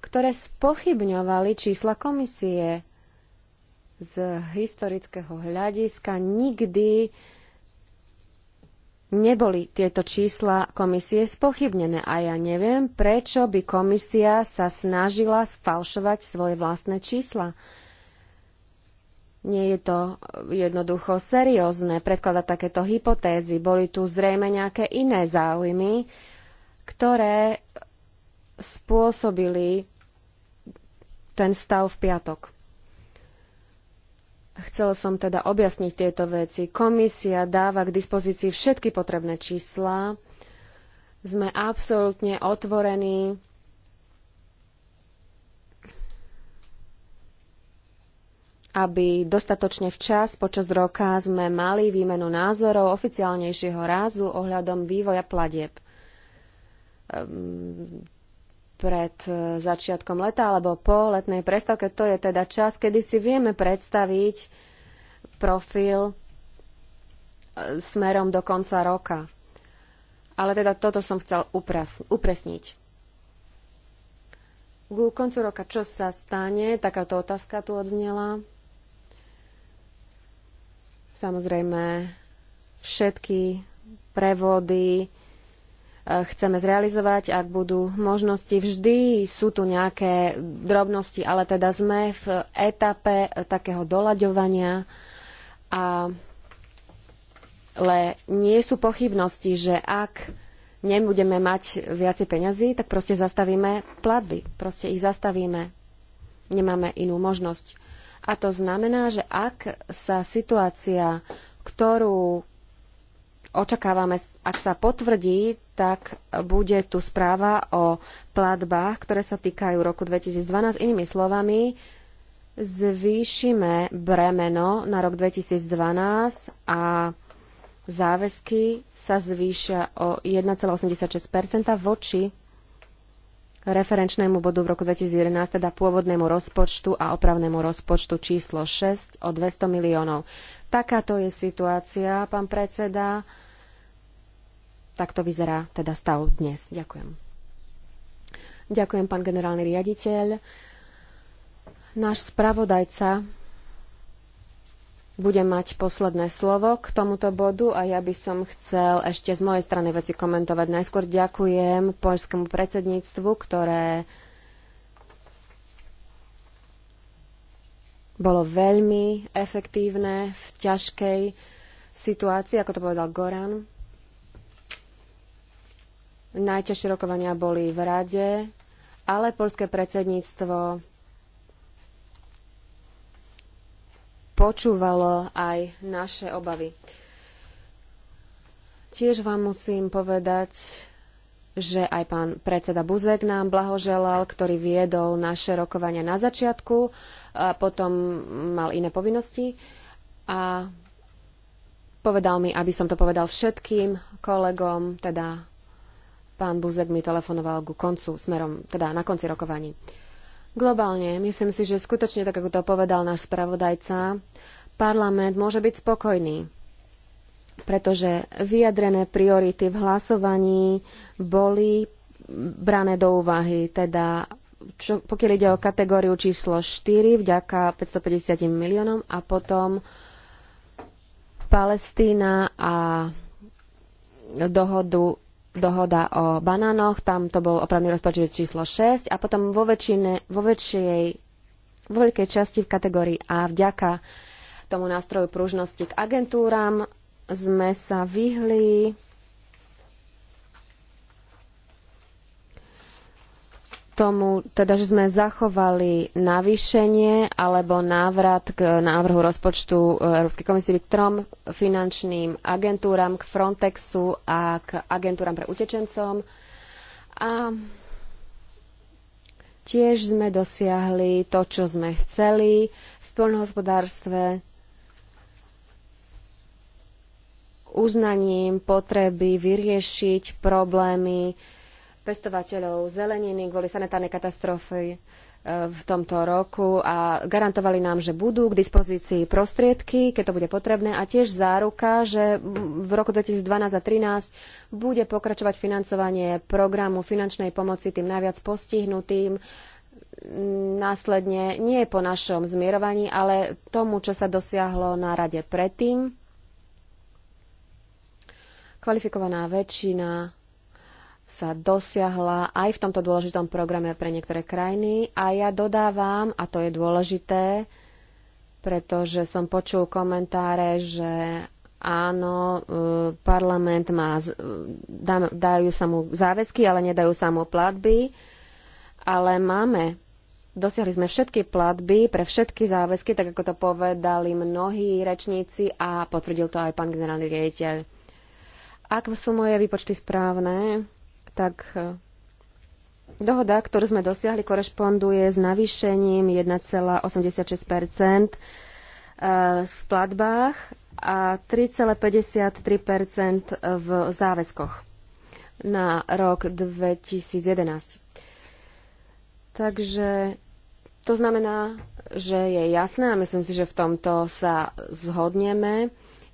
ktoré spochybňovali čísla komisie z historického hľadiska nikdy neboli tieto čísla komisie spochybnené a ja neviem, prečo by komisia sa snažila sfalšovať svoje vlastné čísla. Nie je to jednoducho seriózne predkladať takéto hypotézy. Boli tu zrejme nejaké iné záujmy, ktoré spôsobili ten stav v piatok. Chcela som teda objasniť tieto veci. Komisia dáva k dispozícii všetky potrebné čísla. Sme absolútne otvorení. aby dostatočne včas počas roka sme mali výmenu názorov oficiálnejšieho rázu ohľadom vývoja platieb ehm, pred e, začiatkom leta alebo po letnej prestávke. To je teda čas, kedy si vieme predstaviť profil e, smerom do konca roka. Ale teda toto som chcel upresniť. K koncu roka čo sa stane? Takáto otázka tu odznela. Samozrejme, všetky prevody chceme zrealizovať, ak budú možnosti. Vždy sú tu nejaké drobnosti, ale teda sme v etape takého dolaďovania a le nie sú pochybnosti, že ak nebudeme mať viacej peňazí, tak proste zastavíme platby. Proste ich zastavíme. Nemáme inú možnosť. A to znamená, že ak sa situácia, ktorú očakávame, ak sa potvrdí, tak bude tu správa o platbách, ktoré sa týkajú roku 2012. Inými slovami, zvýšime bremeno na rok 2012 a záväzky sa zvýšia o 1,86 voči referenčnému bodu v roku 2011, teda pôvodnému rozpočtu a opravnému rozpočtu číslo 6 o 200 miliónov. Takáto je situácia, pán predseda. Takto vyzerá teda stav dnes. Ďakujem. Ďakujem, pán generálny riaditeľ. Náš spravodajca bude mať posledné slovo k tomuto bodu a ja by som chcel ešte z mojej strany veci komentovať. Najskôr ďakujem poľskému predsedníctvu, ktoré bolo veľmi efektívne v ťažkej situácii, ako to povedal Goran. Najťažšie rokovania boli v rade, ale polské predsedníctvo počúvalo aj naše obavy. Tiež vám musím povedať, že aj pán predseda Buzek nám blahoželal, ktorý viedol naše rokovania na začiatku, a potom mal iné povinnosti a povedal mi, aby som to povedal všetkým kolegom, teda Pán Buzek mi telefonoval ku koncu, smerom, teda na konci rokovaní. Globálne, myslím si, že skutočne, tak ako to povedal náš spravodajca, parlament môže byť spokojný, pretože vyjadrené priority v hlasovaní boli brané do úvahy, teda čo, pokiaľ ide o kategóriu číslo 4 vďaka 550 miliónom a potom Palestína a dohodu dohoda o banánoch, tam to bol opravný rozpočet číslo 6 a potom vo, väčšine, vo väčšej, vo veľkej časti v kategórii A vďaka tomu nástroju pružnosti k agentúram sme sa vyhli tomu, teda, že sme zachovali navýšenie alebo návrat k návrhu rozpočtu e, Európskej komisie k trom finančným agentúram, k Frontexu a k agentúram pre utečencom. A tiež sme dosiahli to, čo sme chceli v poľnohospodárstve uznaním potreby vyriešiť problémy pestovateľov zeleniny kvôli sanitárnej katastrofe v tomto roku a garantovali nám, že budú k dispozícii prostriedky, keď to bude potrebné a tiež záruka, že v roku 2012 a 2013 bude pokračovať financovanie programu finančnej pomoci tým najviac postihnutým následne nie po našom zmierovaní, ale tomu, čo sa dosiahlo na rade predtým. Kvalifikovaná väčšina sa dosiahla aj v tomto dôležitom programe pre niektoré krajiny. A ja dodávam, a to je dôležité, pretože som počul komentáre, že áno, e, parlament má, e, dajú sa mu záväzky, ale nedajú sa mu platby. Ale máme dosiahli sme všetky platby pre všetky záväzky, tak ako to povedali mnohí rečníci a potvrdil to aj pán generálny riaditeľ. Ak sú moje výpočty správne, tak e, dohoda, ktorú sme dosiahli, korešponduje s navýšením 1,86 e, v platbách a 3,53 v záväzkoch na rok 2011. Takže to znamená, že je jasné a myslím si, že v tomto sa zhodneme,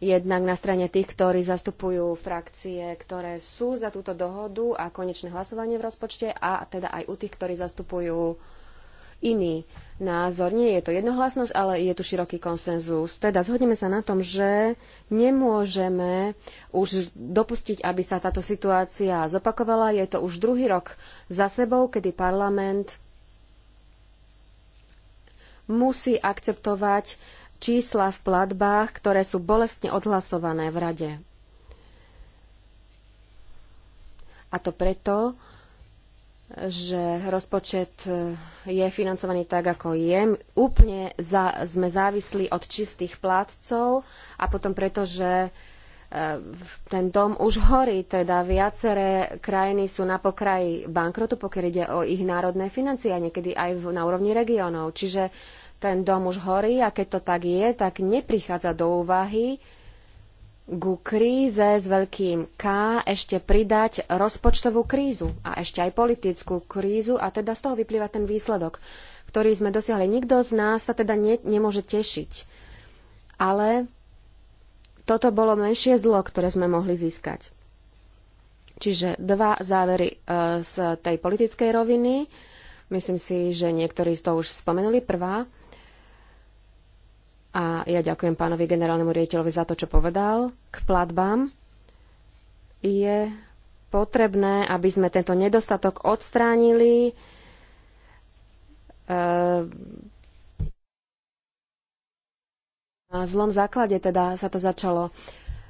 jednak na strane tých, ktorí zastupujú frakcie, ktoré sú za túto dohodu a konečné hlasovanie v rozpočte a teda aj u tých, ktorí zastupujú iný názor. Nie je to jednohlasnosť, ale je tu široký konsenzus. Teda zhodneme sa na tom, že nemôžeme už dopustiť, aby sa táto situácia zopakovala. Je to už druhý rok za sebou, kedy parlament musí akceptovať čísla v platbách, ktoré sú bolestne odhlasované v rade. A to preto, že rozpočet e, je financovaný tak, ako je. Úplne za, sme závislí od čistých plátcov a potom preto, že e, ten dom už horí, teda viaceré krajiny sú na pokraji bankrotu, pokiaľ ide o ich národné financie a niekedy aj v, na úrovni regiónov. Čiže ten dom už horí a keď to tak je, tak neprichádza do úvahy ku kríze s veľkým K ešte pridať rozpočtovú krízu a ešte aj politickú krízu a teda z toho vyplýva ten výsledok, ktorý sme dosiahli. Nikto z nás sa teda ne, nemôže tešiť. Ale toto bolo menšie zlo, ktoré sme mohli získať. Čiže dva závery e, z tej politickej roviny. Myslím si, že niektorí z toho už spomenuli. Prvá, a ja ďakujem pánovi generálnemu riaditeľovi za to, čo povedal k platbám. Je potrebné, aby sme tento nedostatok odstránili. Eh, na zlom základe teda sa to začalo.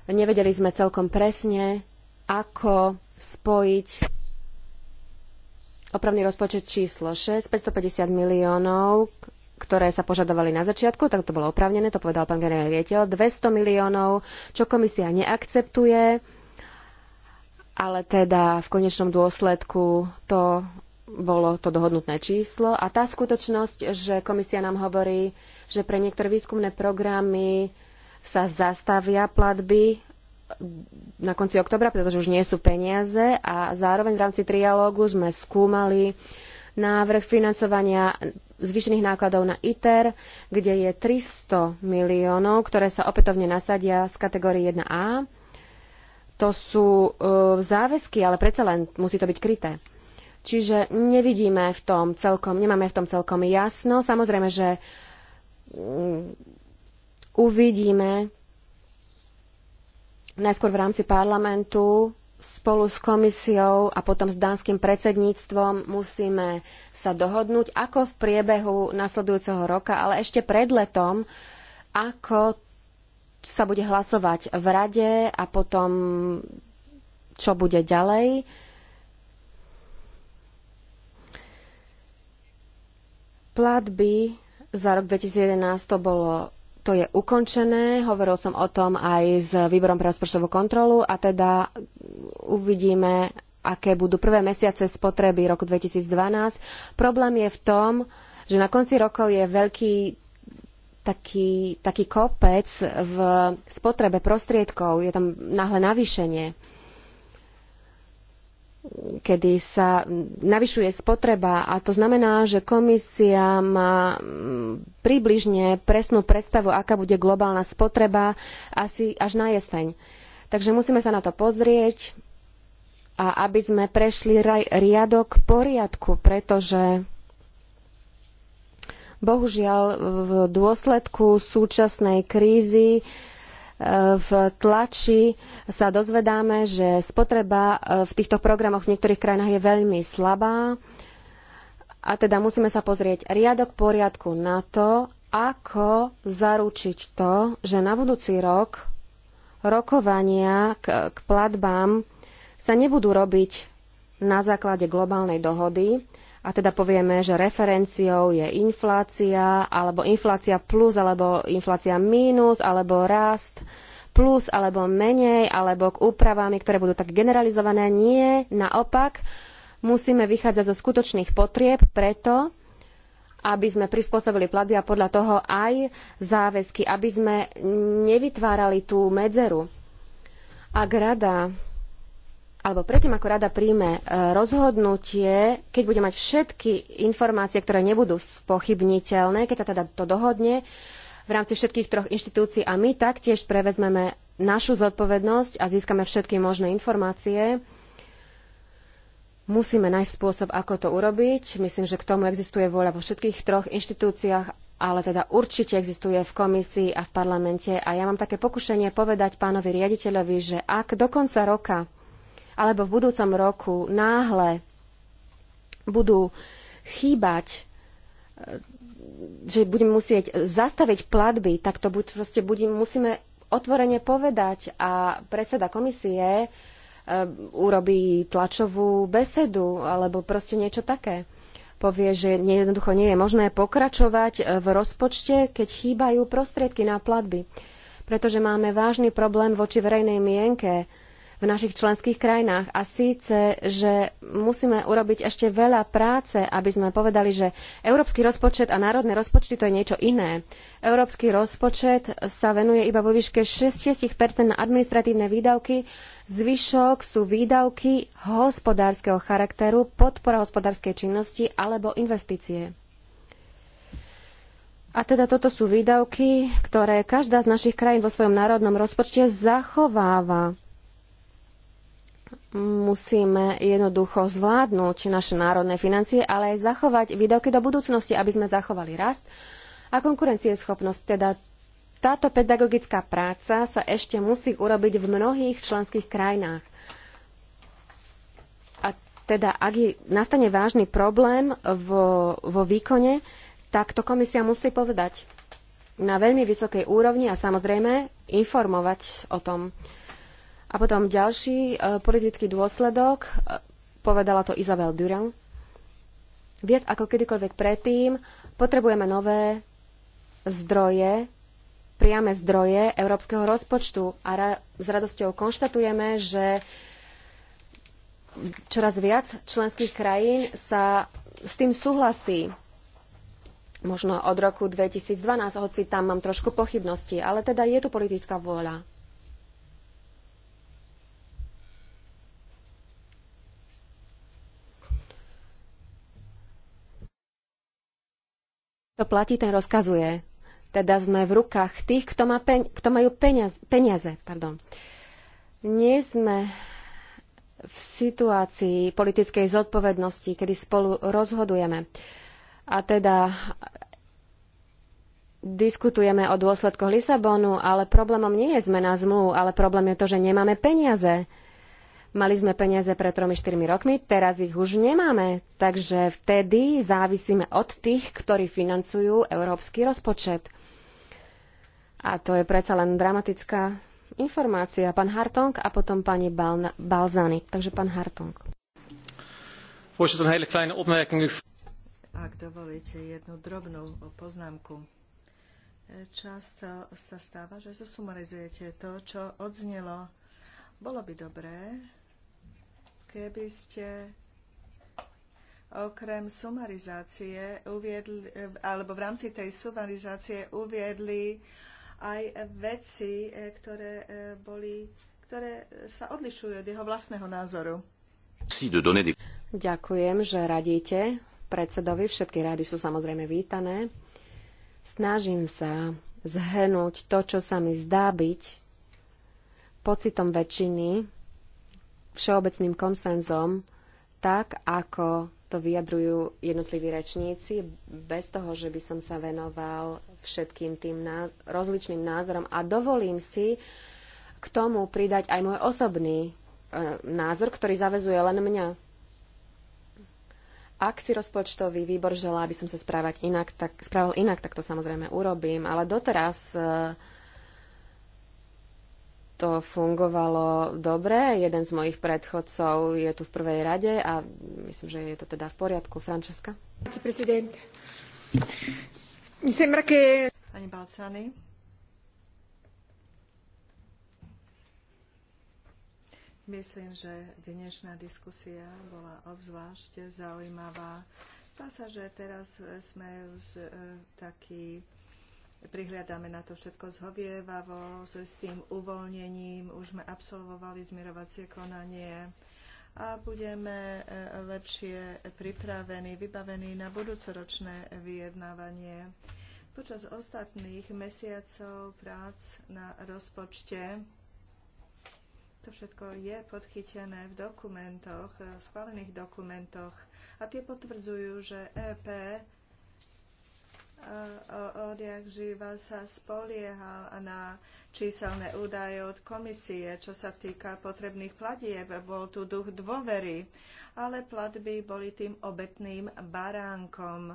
Nevedeli sme celkom presne, ako spojiť opravný rozpočet číslo 6, 550 miliónov ktoré sa požadovali na začiatku, tak to bolo oprávnené, to povedal pán generál Rietel, 200 miliónov, čo komisia neakceptuje, ale teda v konečnom dôsledku to bolo to dohodnutné číslo a tá skutočnosť, že komisia nám hovorí, že pre niektoré výskumné programy sa zastavia platby na konci oktobra, pretože už nie sú peniaze a zároveň v rámci trialógu sme skúmali návrh financovania zvýšených nákladov na ITER, kde je 300 miliónov, ktoré sa opätovne nasadia z kategórie 1A. To sú e, záväzky, ale predsa len musí to byť kryté. Čiže nevidíme v tom celkom, nemáme v tom celkom jasno. Samozrejme, že mm, uvidíme najskôr v rámci parlamentu spolu s komisiou a potom s dánskym predsedníctvom musíme sa dohodnúť, ako v priebehu nasledujúceho roka, ale ešte pred letom, ako sa bude hlasovať v rade a potom čo bude ďalej. Platby za rok 2011 to bolo to je ukončené. Hovoril som o tom aj s výborom pre rozpočtovú kontrolu a teda uvidíme, aké budú prvé mesiace spotreby roku 2012. Problém je v tom, že na konci rokov je veľký taký, taký kopec v spotrebe prostriedkov, je tam náhle navýšenie kedy sa navyšuje spotreba a to znamená, že komisia má mm, približne presnú predstavu, aká bude globálna spotreba asi až na jeseň. Takže musíme sa na to pozrieť a aby sme prešli riadok poriadku, pretože bohužiaľ v dôsledku súčasnej krízy v tlači sa dozvedáme, že spotreba e, v týchto programoch v niektorých krajinách je veľmi slabá. A teda musíme sa pozrieť riadok poriadku na to, ako zaručiť to, že na budúci rok rokovania k, k platbám sa nebudú robiť na základe globálnej dohody, a teda povieme, že referenciou je inflácia, alebo inflácia plus, alebo inflácia mínus, alebo rast plus, alebo menej, alebo k úpravami, ktoré budú tak generalizované. Nie, naopak, musíme vychádzať zo skutočných potrieb, preto aby sme prispôsobili platby a podľa toho aj záväzky, aby sme nevytvárali tú medzeru. Ak rada alebo predtým, ako rada príjme e, rozhodnutie, keď bude mať všetky informácie, ktoré nebudú spochybniteľné, keď sa teda to dohodne v rámci všetkých troch inštitúcií a my taktiež prevezmeme našu zodpovednosť a získame všetky možné informácie, musíme nájsť spôsob, ako to urobiť. Myslím, že k tomu existuje vôľa vo všetkých troch inštitúciách, ale teda určite existuje v komisii a v parlamente. A ja mám také pokušenie povedať pánovi riaditeľovi, že ak do konca roka alebo v budúcom roku náhle budú chýbať e, že budem musieť zastaviť platby, tak to buď, proste budem, musíme otvorene povedať a predseda komisie e, urobí tlačovú besedu alebo proste niečo také. Povie, že jednoducho nie je možné pokračovať e, v rozpočte, keď chýbajú prostriedky na platby. Pretože máme vážny problém voči verejnej mienke, v našich členských krajinách. A síce, že musíme urobiť ešte veľa práce, aby sme povedali, že európsky rozpočet a národné rozpočty to je niečo iné. Európsky rozpočet sa venuje iba vo výške 60% na administratívne výdavky, zvyšok sú výdavky hospodárskeho charakteru, podpora hospodárskej činnosti alebo investície. A teda toto sú výdavky, ktoré každá z našich krajín vo svojom národnom rozpočte zachováva musíme jednoducho zvládnuť naše národné financie, ale aj zachovať výdavky do budúcnosti, aby sme zachovali rast a konkurencieschopnosť. Teda táto pedagogická práca sa ešte musí urobiť v mnohých členských krajinách. A teda, ak je, nastane vážny problém vo, vo výkone, tak to komisia musí povedať na veľmi vysokej úrovni a samozrejme informovať o tom. A potom ďalší e, politický dôsledok, e, povedala to Isabel Durand, viac ako kedykoľvek predtým potrebujeme nové zdroje, priame zdroje európskeho rozpočtu a ra- s radosťou konštatujeme, že čoraz viac členských krajín sa s tým súhlasí. Možno od roku 2012, hoci tam mám trošku pochybnosti, ale teda je tu politická vôľa. To platí, ten rozkazuje. Teda sme v rukách tých, kto, má peň, kto majú peniaz, peniaze. Pardon. Nie sme v situácii politickej zodpovednosti, kedy spolu rozhodujeme. A teda diskutujeme o dôsledkoch Lisabonu, ale problémom nie je zmena zmluv, ale problém je to, že nemáme peniaze. Mali sme peniaze pred 3-4 rokmi, teraz ich už nemáme. Takže vtedy závisíme od tých, ktorí financujú európsky rozpočet. A to je predsa len dramatická informácia. Pán Hartong a potom pani Balna- Balzany. Takže pán Hartong. Ak dovolíte jednu drobnú poznámku. Často sa stáva, že zosumarizujete to, čo odznelo. Bolo by dobré, keby ste okrem sumarizácie uviedli, alebo v rámci tej sumarizácie uviedli aj veci, e, ktoré, e, boli, ktoré sa odlišujú od jeho vlastného názoru. Ďakujem, že radíte predsedovi. Všetky rady sú samozrejme vítané. Snažím sa zhrnúť to, čo sa mi zdá byť pocitom väčšiny všeobecným konsenzom, tak ako to vyjadrujú jednotliví rečníci, bez toho, že by som sa venoval všetkým tým náz rozličným názorom a dovolím si k tomu pridať aj môj osobný e, názor, ktorý zavezuje len mňa. Ak si rozpočtový výbor želá, aby som sa správať inak, tak, správal inak, tak to samozrejme urobím, ale doteraz e, to fungovalo dobre. Jeden z mojich predchodcov je tu v prvej rade a myslím, že je to teda v poriadku. Francesca? Pani Balcány. Myslím, že dnešná diskusia bola obzvlášť zaujímavá. Zdá sa, že teraz sme už e, taký prihliadame na to všetko zhovievavo, s tým uvoľnením, už sme absolvovali zmierovacie konanie a budeme e, lepšie pripravení, vybavení na budúcoročné vyjednávanie. Počas ostatných mesiacov prác na rozpočte to všetko je podchytené v dokumentoch, v schválených dokumentoch a tie potvrdzujú, že EP odjak živa sa spoliehal na číselné údaje od komisie, čo sa týka potrebných platieb. Bol tu duch dôvery, ale platby boli tým obetným baránkom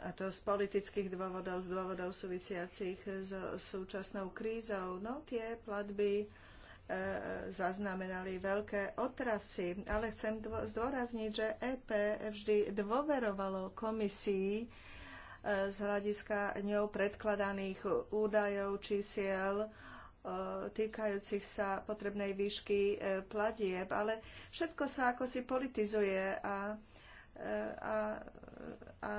a to z politických dôvodov, z dôvodov súvisiacich s súčasnou krízou. No tie platby E, zaznamenali veľké otrasy, ale chcem zdôrazniť, že EP vždy dôverovalo komisii e, z hľadiska ňou predkladaných údajov, čísiel, e, týkajúcich sa potrebnej výšky platieb, ale všetko sa ako si politizuje a, a, a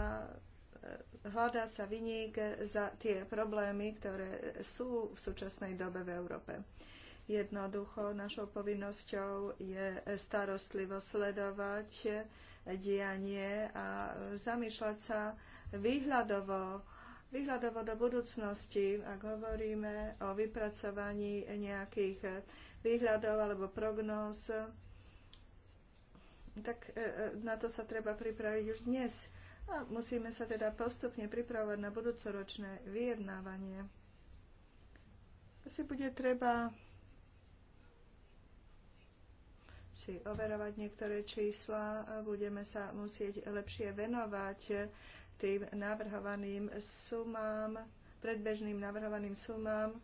hľadá sa vyník za tie problémy, ktoré sú v súčasnej dobe v Európe. Jednoducho našou povinnosťou je starostlivo sledovať dianie a zamýšľať sa výhľadovo, výhľadovo do budúcnosti, ak hovoríme o vypracovaní nejakých výhľadov alebo prognóz, tak e, e, na to sa treba pripraviť už dnes. A musíme sa teda postupne pripravovať na budúcoročné vyjednávanie. Asi bude treba si overovať niektoré čísla, budeme sa musieť lepšie venovať tým navrhovaným sumám, predbežným navrhovaným sumám e,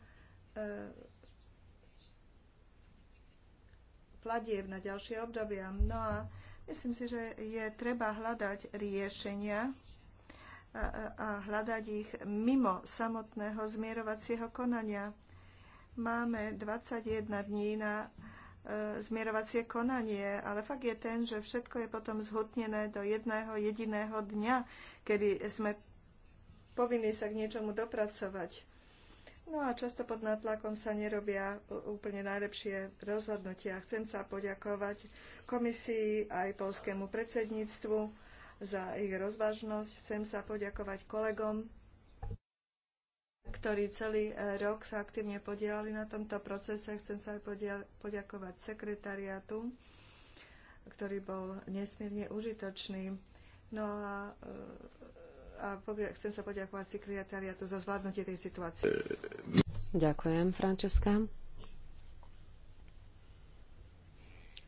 platieb na ďalšie obdobia. No a myslím si, že je treba hľadať riešenia a, a hľadať ich mimo samotného zmierovacieho konania. Máme 21 dní na zmierovacie konanie, ale fakt je ten, že všetko je potom zhutnené do jedného jediného dňa, kedy sme povinní sa k niečomu dopracovať. No a často pod nátlakom sa nerobia úplne najlepšie rozhodnutia. Chcem sa poďakovať komisii aj polskému predsedníctvu za ich rozvážnosť. Chcem sa poďakovať kolegom ktorí celý e, rok sa aktívne podielali na tomto procese. Chcem sa aj poďakovať sekretariátu, ktorý bol nesmierne užitočný. No a, e, a chcem sa poďakovať sekretariátu za zvládnutie tej situácie. Ďakujem, Frančeska.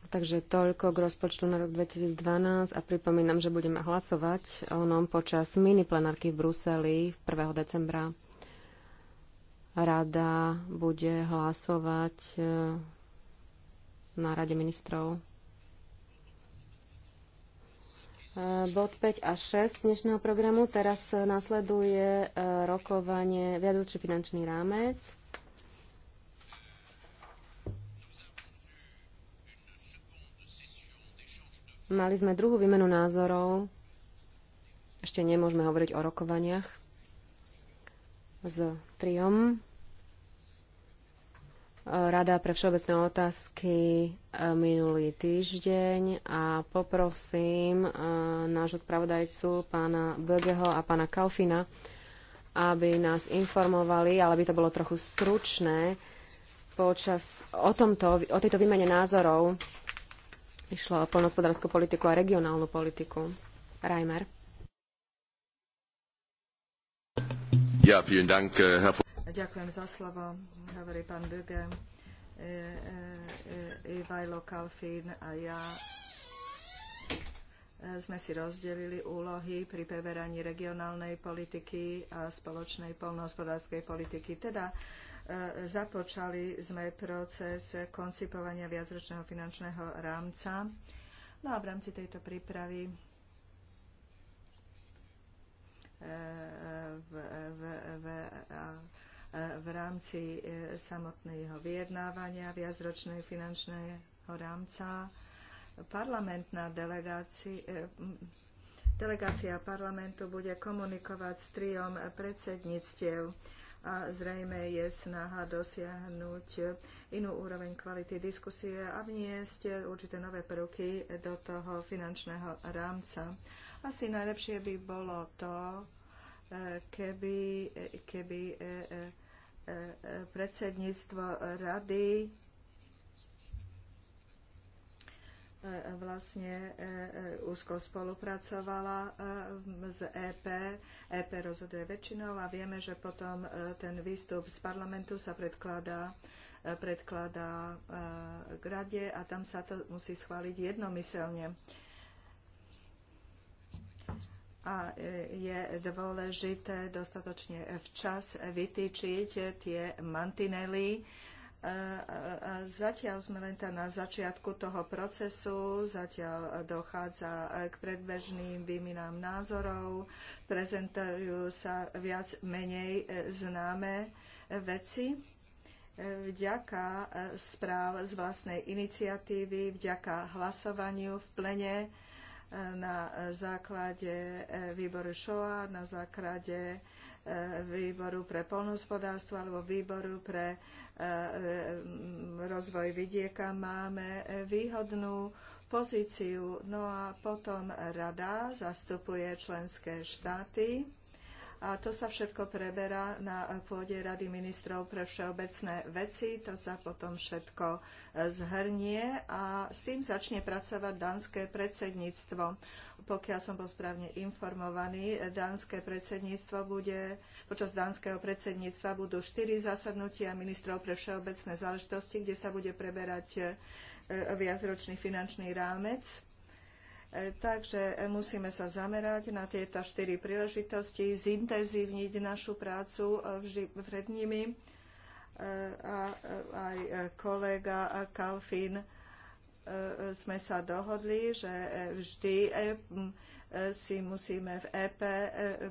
Takže toľko k rozpočtu na rok 2012 a pripomínam, že budeme hlasovať o nom počas mini plenárky v Bruseli 1. decembra rada bude hlasovať e, na Rade ministrov. E, bod 5 a 6 dnešného programu. Teraz nasleduje e, rokovanie viacúči finančný rámec. Mali sme druhú výmenu názorov. Ešte nemôžeme hovoriť o rokovaniach s triom Rada pre všeobecné otázky e, minulý týždeň a poprosím e, nášho spravodajcu pána Bögeho a pána Kalfina, aby nás informovali, ale by to bolo trochu stručné, počas, o, tomto, o tejto výmene názorov išlo o poľnohospodársku politiku a regionálnu politiku. Reimer. Ja, vielen Dank, Herr Ďakujem za slovo, hovorí pán Böge. E, e, e, Ivajlo Kalfín a ja sme si rozdelili úlohy pri preberaní regionálnej politiky a spoločnej polnohospodárskej politiky. Teda započali sme proces koncipovania viacročného finančného rámca. No a v rámci tejto prípravy v, v, v, v, E, v rámci e, samotného vyjednávania viacročnej finančného rámca parlamentná delegácia, e, delegácia parlamentu bude komunikovať s triom predsedníctiev a zrejme je snaha dosiahnuť inú úroveň kvality diskusie a vniesť určité nové prvky do toho finančného rámca. Asi najlepšie by bolo to, keby, keby e, e, e, predsedníctvo rady vlastne úzko spolupracovala z EP. EP rozhoduje väčšinou a vieme, že potom ten výstup z parlamentu sa predkladá predkladá k rade a tam sa to musí schváliť jednomyselne a e, je dôležité dostatočne včas vytýčiť tie mantinely. E, e, zatiaľ sme len na začiatku toho procesu, zatiaľ dochádza k predbežným výminám názorov, prezentujú sa viac menej známe veci. Vďaka správ z vlastnej iniciatívy, vďaka hlasovaniu v plene na základe e, výboru ŠOA, na základe e, výboru pre polnohospodárstvo alebo výboru pre e, rozvoj vidieka máme výhodnú pozíciu. No a potom rada zastupuje členské štáty a to sa všetko preberá na pôde Rady ministrov pre všeobecné veci. To sa potom všetko e, zhrnie a s tým začne pracovať dánske predsedníctvo. Pokiaľ som bol správne informovaný, dánske predsedníctvo bude, počas dánskeho predsedníctva budú štyri zasadnutia ministrov pre všeobecné záležitosti, kde sa bude preberať e, viacročný finančný rámec Takže musíme sa zamerať na tieto štyri príležitosti, zintenzívniť našu prácu e, vždy pred nimi. E, a e, aj kolega Kalfin sme sa dohodli, že vždy si musíme v EP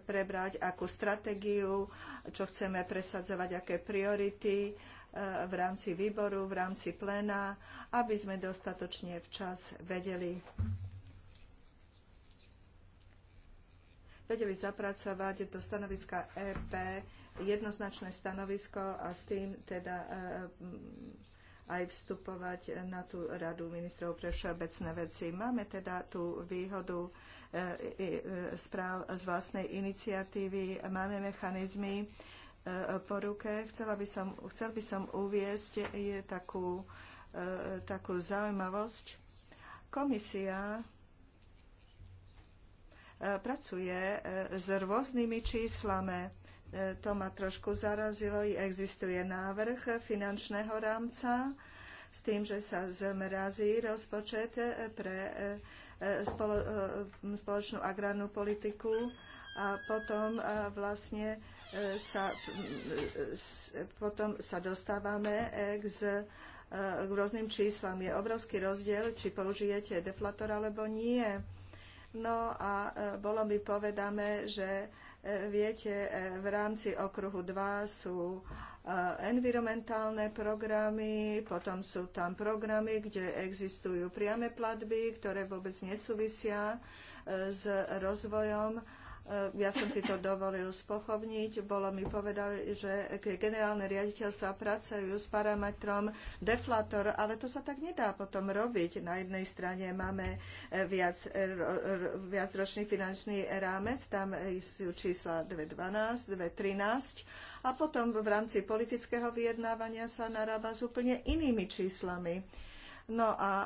prebrať, akú stratégiu, čo chceme presadzovať, aké priority v rámci výboru, v rámci pléna, aby sme dostatočne včas vedeli vedeli zapracovať do stanoviska EP jednoznačné stanovisko a s tým teda e, aj vstupovať na tú radu ministrov pre všeobecné veci. Máme teda tú výhodu e, e, správ z vlastnej iniciatívy, máme mechanizmy po ruke. Chcela by som, chcel by som uviesť je takú, takú zaujímavosť. Komisia pracuje e, s rôznymi číslami. E, to ma trošku zarazilo. Existuje návrh finančného rámca s tým, že sa zmrazí rozpočet e, pre spoločnú agrárnu politiku a potom vlastne sa, potom sa dostávame k z k rôznym číslam. Je obrovský rozdiel, či použijete deflator alebo nie. No a e, bolo mi povedané, že e, viete, e, v rámci okruhu 2 sú environmentálne programy, potom sú tam programy, kde existujú priame platby, ktoré vôbec nesúvisia s rozvojom Eh, ja som si to dovolil spochovniť. Bolo mi povedané, že generálne riaditeľstva pracujú s parametrom deflator, ale to sa tak nedá potom robiť. Na jednej strane máme eh, viac, eh, viacročný finančný rámec, tam sú čísla 212, 213 a potom v rámci politického vyjednávania sa narába s úplne inými číslami No a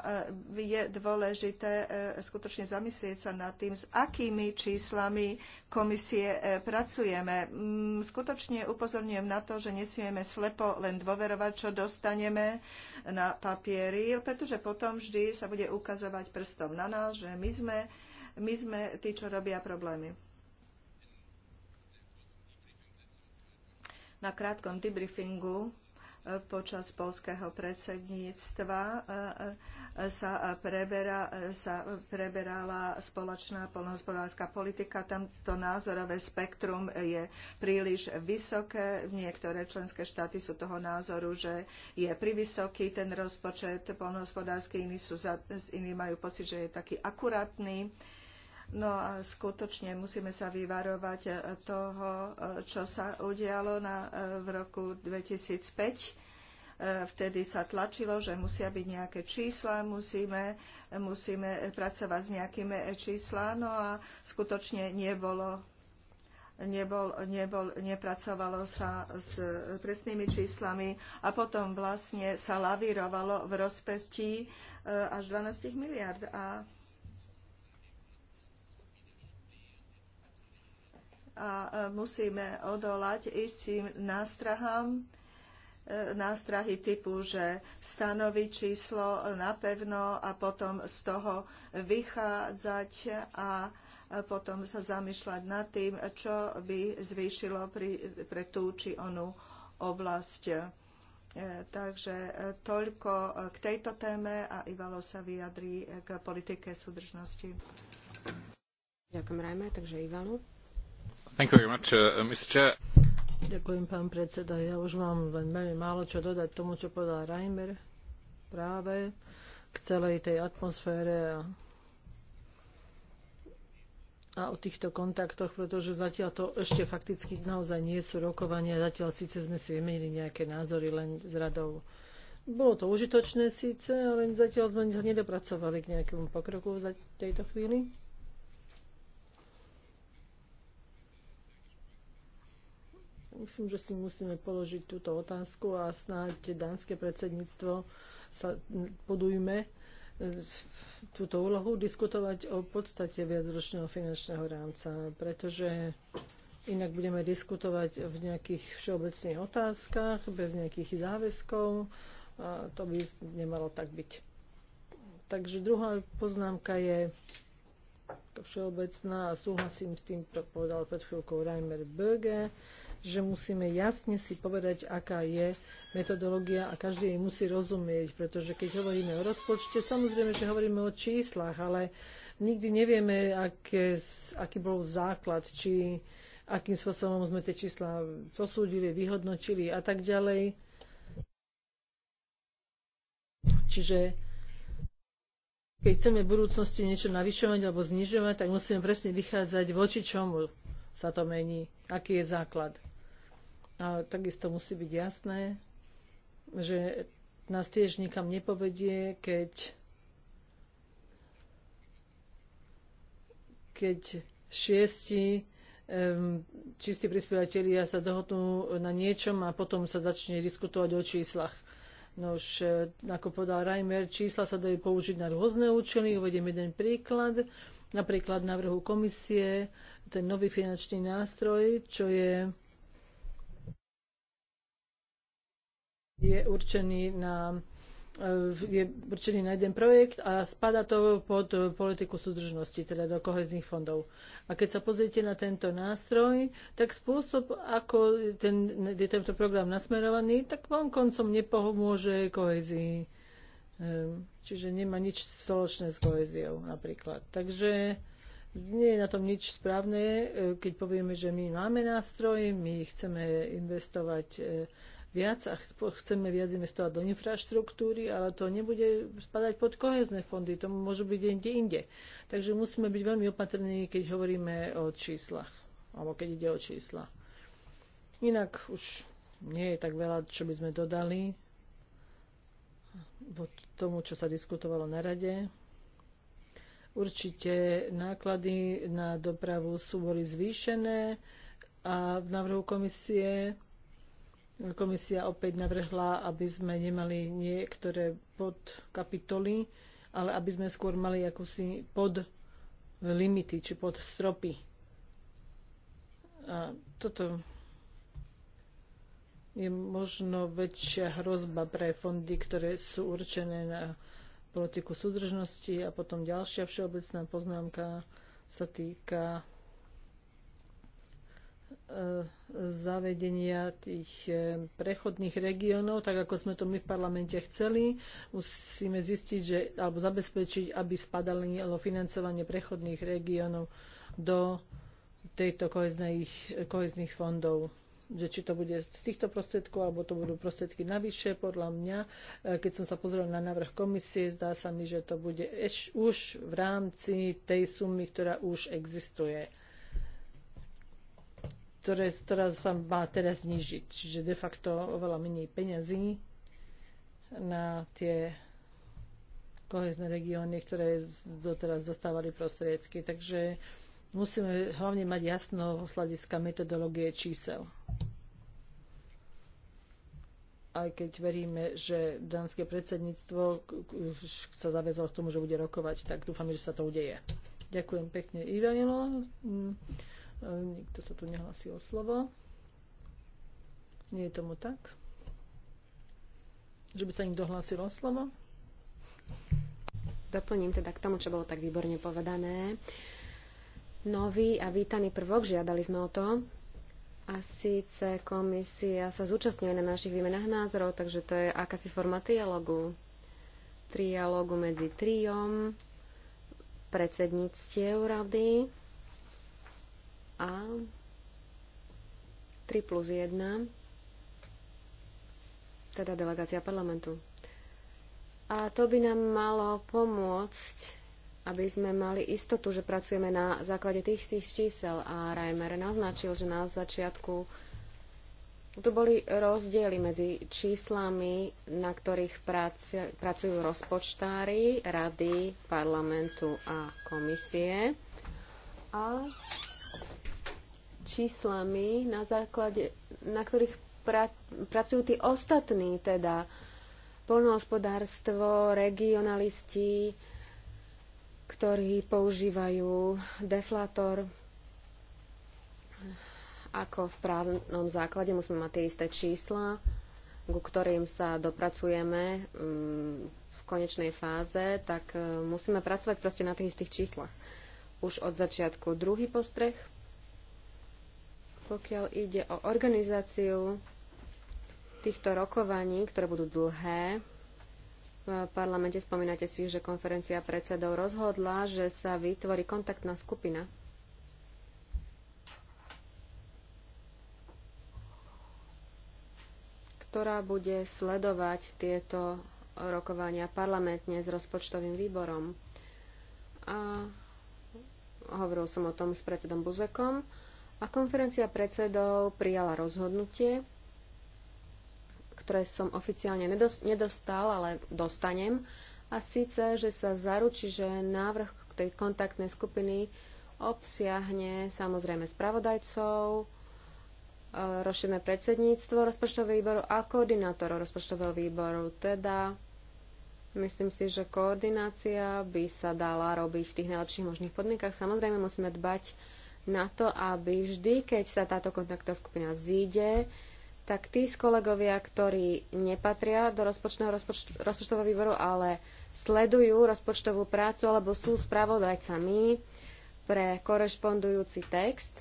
e, je dôležité e, skutočne zamyslieť sa nad tým, s akými číslami komisie e, pracujeme. Mm, skutočne upozorňujem na to, že nesieme slepo len dôverovať, čo dostaneme na papieri, pretože potom vždy sa bude ukazovať prstom na nás, že my sme, my sme tí, čo robia problémy. Na krátkom debriefingu počas polského predsedníctva e, e, sa, prebera, sa preberala spoločná polnohospodárska politika. Tamto názorové spektrum je príliš vysoké. Niektoré členské štáty sú toho názoru, že je privysoký ten rozpočet polnohospodársky, iní, sú za, iní majú pocit, že je taký akurátny. No a skutočne musíme sa vyvarovať eh, toho, eh, čo sa udialo na, eh, v roku 2005. Vtedy sa tlačilo, že musia byť nejaké čísla, musíme, musíme pracovať s nejakými čísla, no a skutočne nebolo nebol, nebol, nepracovalo sa s presnými číslami a potom vlastne sa lavírovalo v rozpestí až 12 miliard. A a musíme odolať istým nástrahám, e, nástrahy typu, že stanoviť číslo napevno a potom z toho vychádzať a potom sa zamýšľať nad tým, čo by zvýšilo pri, pre tú či onú oblasť. E, takže e, toľko k tejto téme a Ivalo sa vyjadrí k politike súdržnosti. Ďakujem Rajme, takže Ivalo. Uh, uh, Ďakujem, pán predseda. Ja už mám len veľmi málo čo dodať tomu, čo povedal Reimer práve k celej tej atmosfére a, a o týchto kontaktoch, pretože zatiaľ to ešte fakticky naozaj nie sú rokovania. Zatiaľ síce sme si vymenili nejaké názory len z radou. Bolo to užitočné síce, ale zatiaľ sme sa nedopracovali k nejakému pokroku za tejto chvíli. Myslím, že si musíme položiť túto otázku a snáď dánske predsedníctvo sa podujme e, túto úlohu diskutovať o podstate viacročného finančného rámca, pretože inak budeme diskutovať v nejakých všeobecných otázkach, bez nejakých záväzkov a to by nemalo tak byť. Takže druhá poznámka je všeobecná a súhlasím s tým, čo povedal pred chvíľkou Reimer Böge že musíme jasne si povedať, aká je metodológia a každý jej musí rozumieť, pretože keď hovoríme o rozpočte, samozrejme, že hovoríme o číslach, ale nikdy nevieme, aké, aký bol základ, či akým spôsobom sme tie čísla posúdili, vyhodnotili a tak ďalej. Čiže keď chceme v budúcnosti niečo navyšovať alebo znižovať, tak musíme presne vychádzať voči čomu sa to mení, aký je základ. A takisto musí byť jasné, že nás tiež nikam nepovedie, keď, keď šiesti um, čistí prispievateľia sa dohodnú na niečom a potom sa začne diskutovať o číslach. No už, e, ako povedal Reimer, čísla sa dajú použiť na rôzne účely. Uvediem jeden príklad. Napríklad návrhu komisie, ten nový finančný nástroj, čo je je určený na e, je určený na jeden projekt a spada to pod politiku súdržnosti, teda do kohezných fondov. A keď sa pozriete na tento nástroj, tak spôsob, ako ten, je tento program nasmerovaný, tak vám koncom nepomôže kohezii. E, čiže nemá nič spoločné s koheziou napríklad. Takže nie je na tom nič správne, e, keď povieme, že my máme nástroj, my chceme investovať viac a chceme viac investovať do infraštruktúry, ale to nebude spadať pod kohezné fondy, to môžu byť inde inde. Takže musíme byť veľmi opatrní, keď hovoríme o číslach, alebo keď ide o čísla. Inak už nie je tak veľa, čo by sme dodali po tomu, čo sa diskutovalo na rade. Určite náklady na dopravu sú boli zvýšené a v návrhu komisie Komisia opäť navrhla, aby sme nemali niektoré podkapitoly, ale aby sme skôr mali akúsi pod limity či pod stropy. A toto je možno väčšia hrozba pre fondy, ktoré sú určené na politiku súdržnosti. A potom ďalšia všeobecná poznámka sa týka E, zavedenia tých e, prechodných regiónov, tak ako sme to my v parlamente chceli. Musíme zistiť, že, alebo zabezpečiť, aby spadalo financovanie prechodných regiónov do tejto koheznych fondov že či to bude z týchto prostriedkov, alebo to budú prostriedky navyše. Podľa mňa, e, keď som sa pozrel na návrh komisie, zdá sa mi, že to bude eš, už v rámci tej sumy, ktorá už existuje ktoré, ktorá sa má teraz znižiť. Čiže de facto oveľa menej peňazí na tie kohezné regióny, ktoré doteraz dostávali prostriedky. Takže musíme hlavne mať jasno z hľadiska metodológie čísel. Aj keď veríme, že dánske predsedníctvo sa zaviazalo k tomu, že bude rokovať, tak dúfam, že sa to udeje. Ďakujem pekne, Ivanilo. Nikto sa tu nehlasí o slovo. Nie je tomu tak? Že by sa niekto hlásil o slovo? Doplním teda k tomu, čo bolo tak výborne povedané. Nový a vítaný prvok, žiadali sme o to. A síce komisia sa zúčastňuje na našich výmenách názorov, takže to je akási forma trialogu. Trialogu medzi triom predsedníctiev rady a 3 plus 1, teda delegácia parlamentu. A to by nám malo pomôcť, aby sme mali istotu, že pracujeme na základe tých tých čísel. A Reimer naznačil, že na začiatku tu boli rozdiely medzi číslami, na ktorých práce, pracujú rozpočtári, rady, parlamentu a komisie a číslami, na základe, na ktorých pra, pracujú tí ostatní, teda polnohospodárstvo, regionalisti, ktorí používajú deflator. ako v právnom základe. Musíme mať tie isté čísla, ku ktorým sa dopracujeme mm, v konečnej fáze, tak e, musíme pracovať proste na tých istých číslach. Už od začiatku druhý postreh – pokiaľ ide o organizáciu týchto rokovaní, ktoré budú dlhé, v parlamente spomínate si, že konferencia predsedov rozhodla, že sa vytvorí kontaktná skupina. ktorá bude sledovať tieto rokovania parlamentne s rozpočtovým výborom. A hovoril som o tom s predsedom Buzekom. A konferencia predsedov prijala rozhodnutie, ktoré som oficiálne nedostal, ale dostanem. A síce, že sa zaručí, že návrh tej kontaktnej skupiny obsiahne samozrejme spravodajcov, e, rozširné predsedníctvo rozpočtového výboru a koordinátorov rozpočtového výboru. Teda myslím si, že koordinácia by sa dala robiť v tých najlepších možných podmienkach. Samozrejme musíme dbať na to, aby vždy, keď sa táto kontaktná skupina zíde, tak tí z kolegovia, ktorí nepatria do rozpočného rozpočt- rozpočtového výboru, ale sledujú rozpočtovú prácu alebo sú spravodajcami pre korešpondujúci text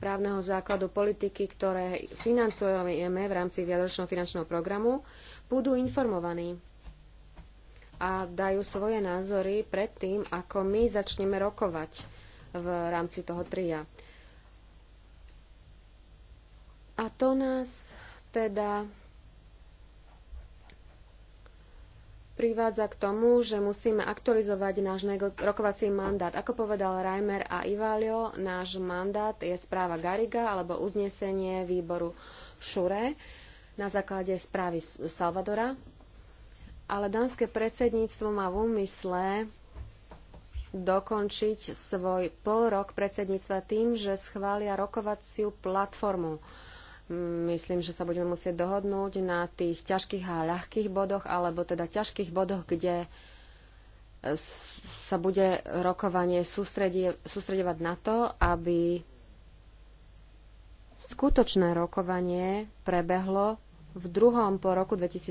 právneho základu politiky, ktoré financujeme v rámci viadročného finančného programu, budú informovaní a dajú svoje názory pred tým, ako my začneme rokovať v rámci toho tria. A to nás teda privádza k tomu, že musíme aktualizovať náš rokovací mandát. Ako povedal Reimer a Ivalio, náš mandát je správa Gariga alebo uznesenie výboru Šure na základe správy Salvadora. Ale dánske predsedníctvo má v úmysle dokončiť svoj pol rok predsedníctva tým, že schvália rokovaciu platformu. Myslím, že sa budeme musieť dohodnúť na tých ťažkých a ľahkých bodoch, alebo teda ťažkých bodoch, kde sa bude rokovanie sústredovať na to, aby skutočné rokovanie prebehlo v druhom po roku 2012.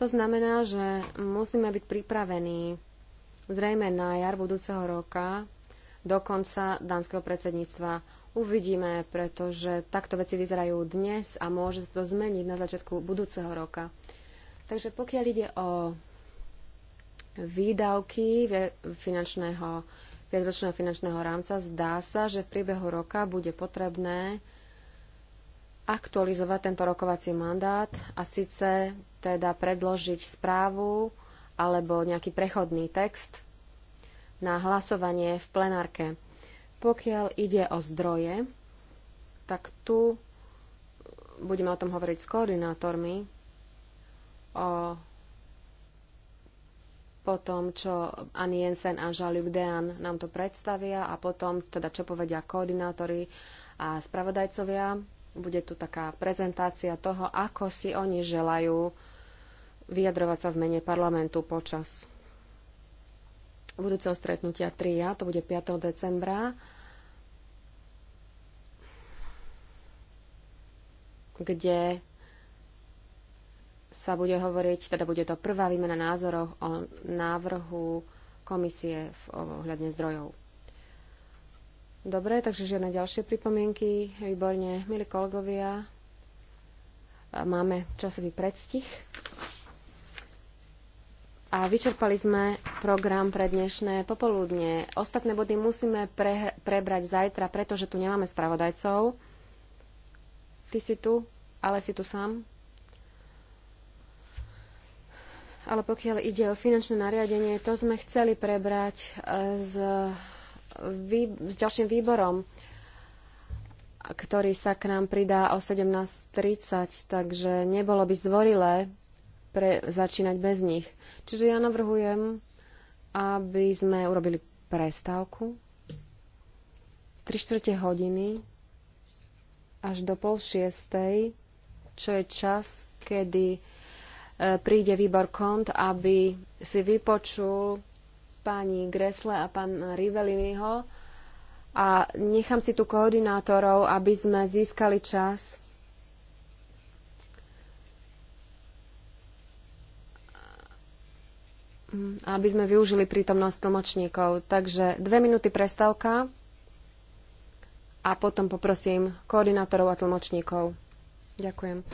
To znamená, že musíme byť pripravení zrejme na jar budúceho roka, do konca dánskeho predsedníctva. Uvidíme, pretože takto veci vyzerajú dnes a môže sa to zmeniť na začiatku budúceho roka. Takže pokiaľ ide o výdavky finančného, viacročného finančného rámca, zdá sa, že v priebehu roka bude potrebné aktualizovať tento rokovací mandát a síce teda predložiť správu alebo nejaký prechodný text na hlasovanie v plenárke. Pokiaľ ide o zdroje, tak tu budeme o tom hovoriť s koordinátormi o po tom, čo ani Jensen a Jean-Luc Dean nám to predstavia a potom, teda čo povedia koordinátori a spravodajcovia, bude tu taká prezentácia toho, ako si oni želajú vyjadrovať sa v mene parlamentu počas budúceho stretnutia TRIA, to bude 5. decembra, kde sa bude hovoriť, teda bude to prvá výmena názorov o návrhu komisie v ohľadne zdrojov. Dobre, takže žiadne ďalšie pripomienky. Výborne, milí kolegovia, máme časový predstih a vyčerpali sme program pre dnešné popoludne. Ostatné body musíme pre, prebrať zajtra, pretože tu nemáme spravodajcov. Ty si tu, ale si tu sám. Ale pokiaľ ide o finančné nariadenie, to sme chceli prebrať e, s, vý, s ďalším výborom, ktorý sa k nám pridá o 17.30, takže nebolo by zdvorilé pre, začínať bez nich. Čiže ja navrhujem, aby sme urobili prestávku 3 čtvrte hodiny až do pol šiestej, čo je čas, kedy e, príde výbor kont, aby si vypočul pani Gresle a pán Riveliniho a nechám si tu koordinátorov, aby sme získali čas Mm, aby sme využili prítomnosť tlmočníkov. Takže dve minúty prestávka a potom poprosím koordinátorov a tlmočníkov. Ďakujem.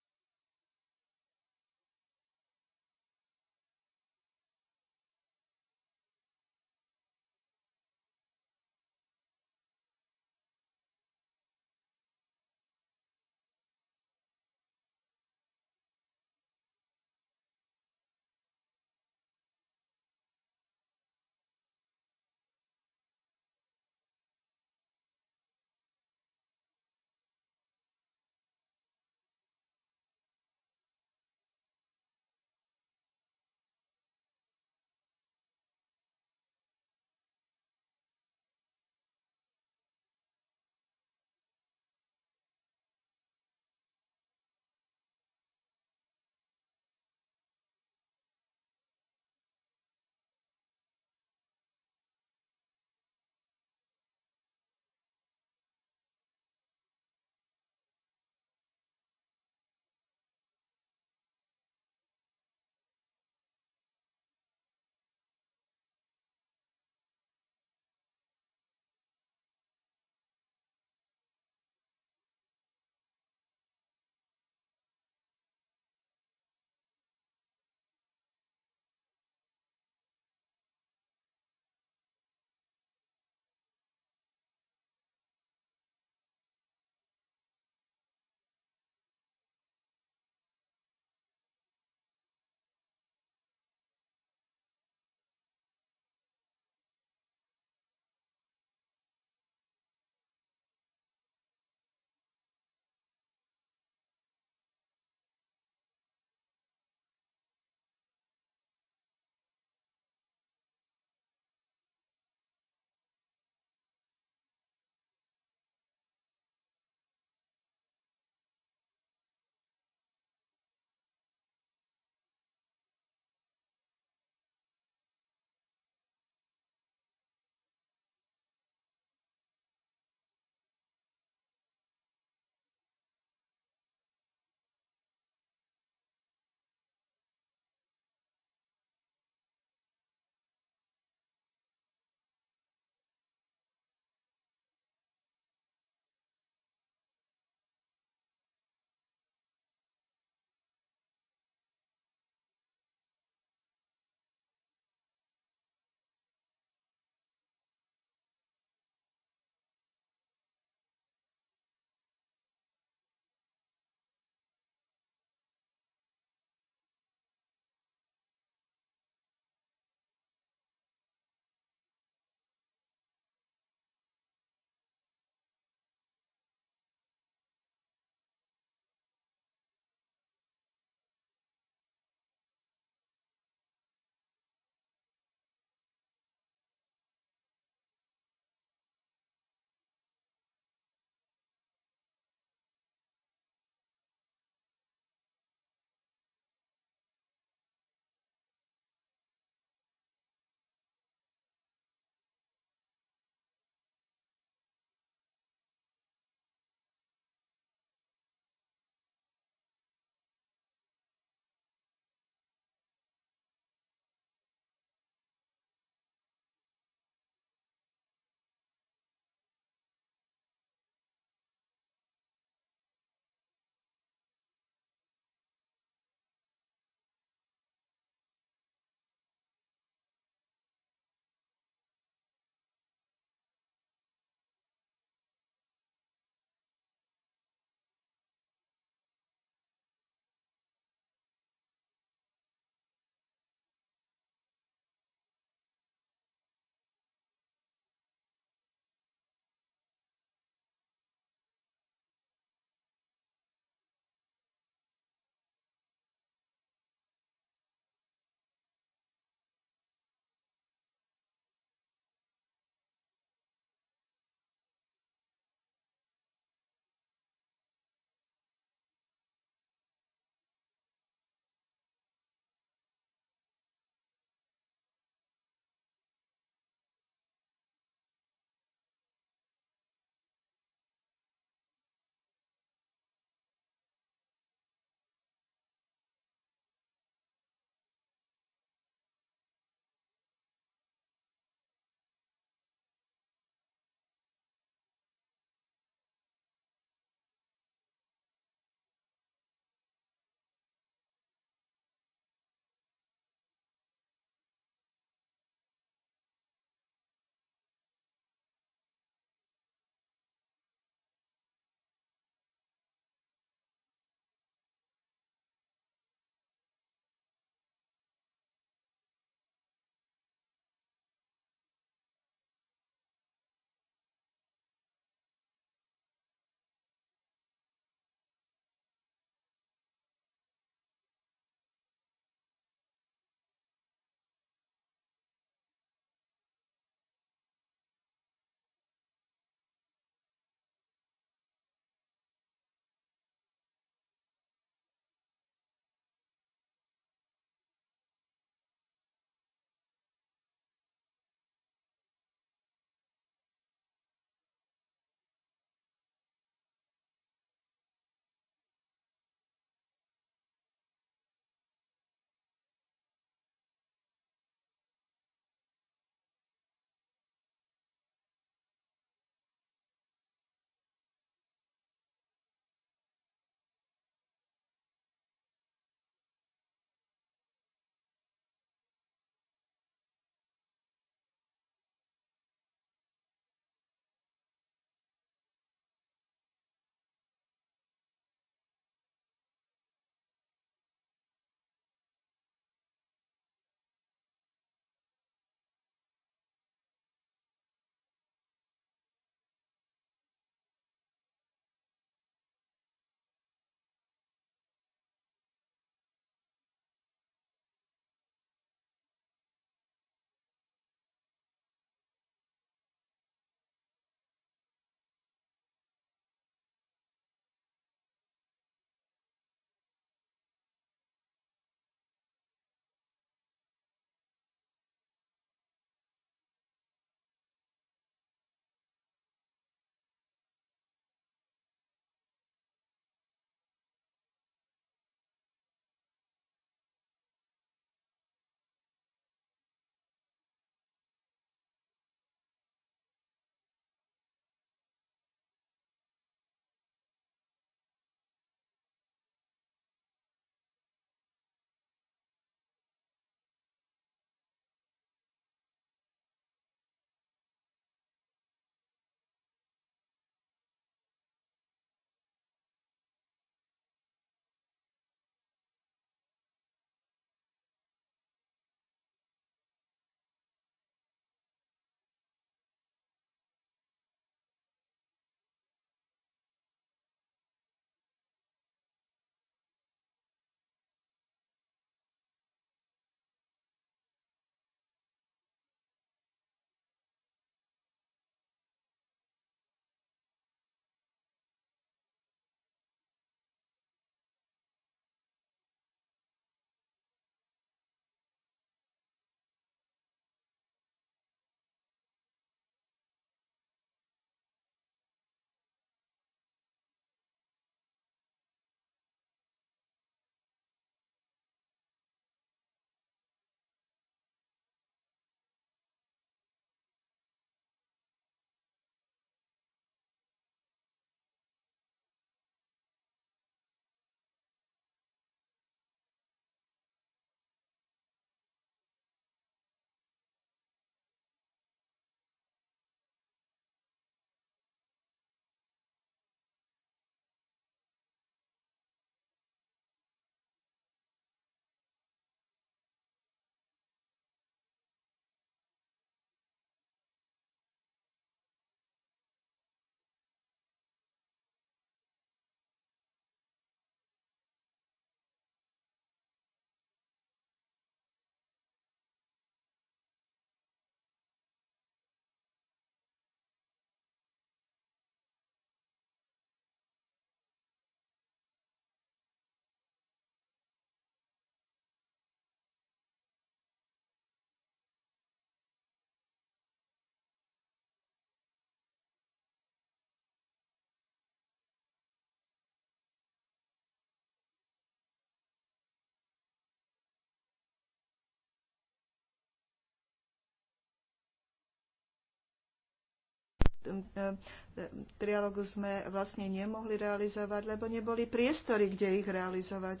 trialogu sme vlastne nemohli realizovať, lebo neboli priestory, kde ich realizovať.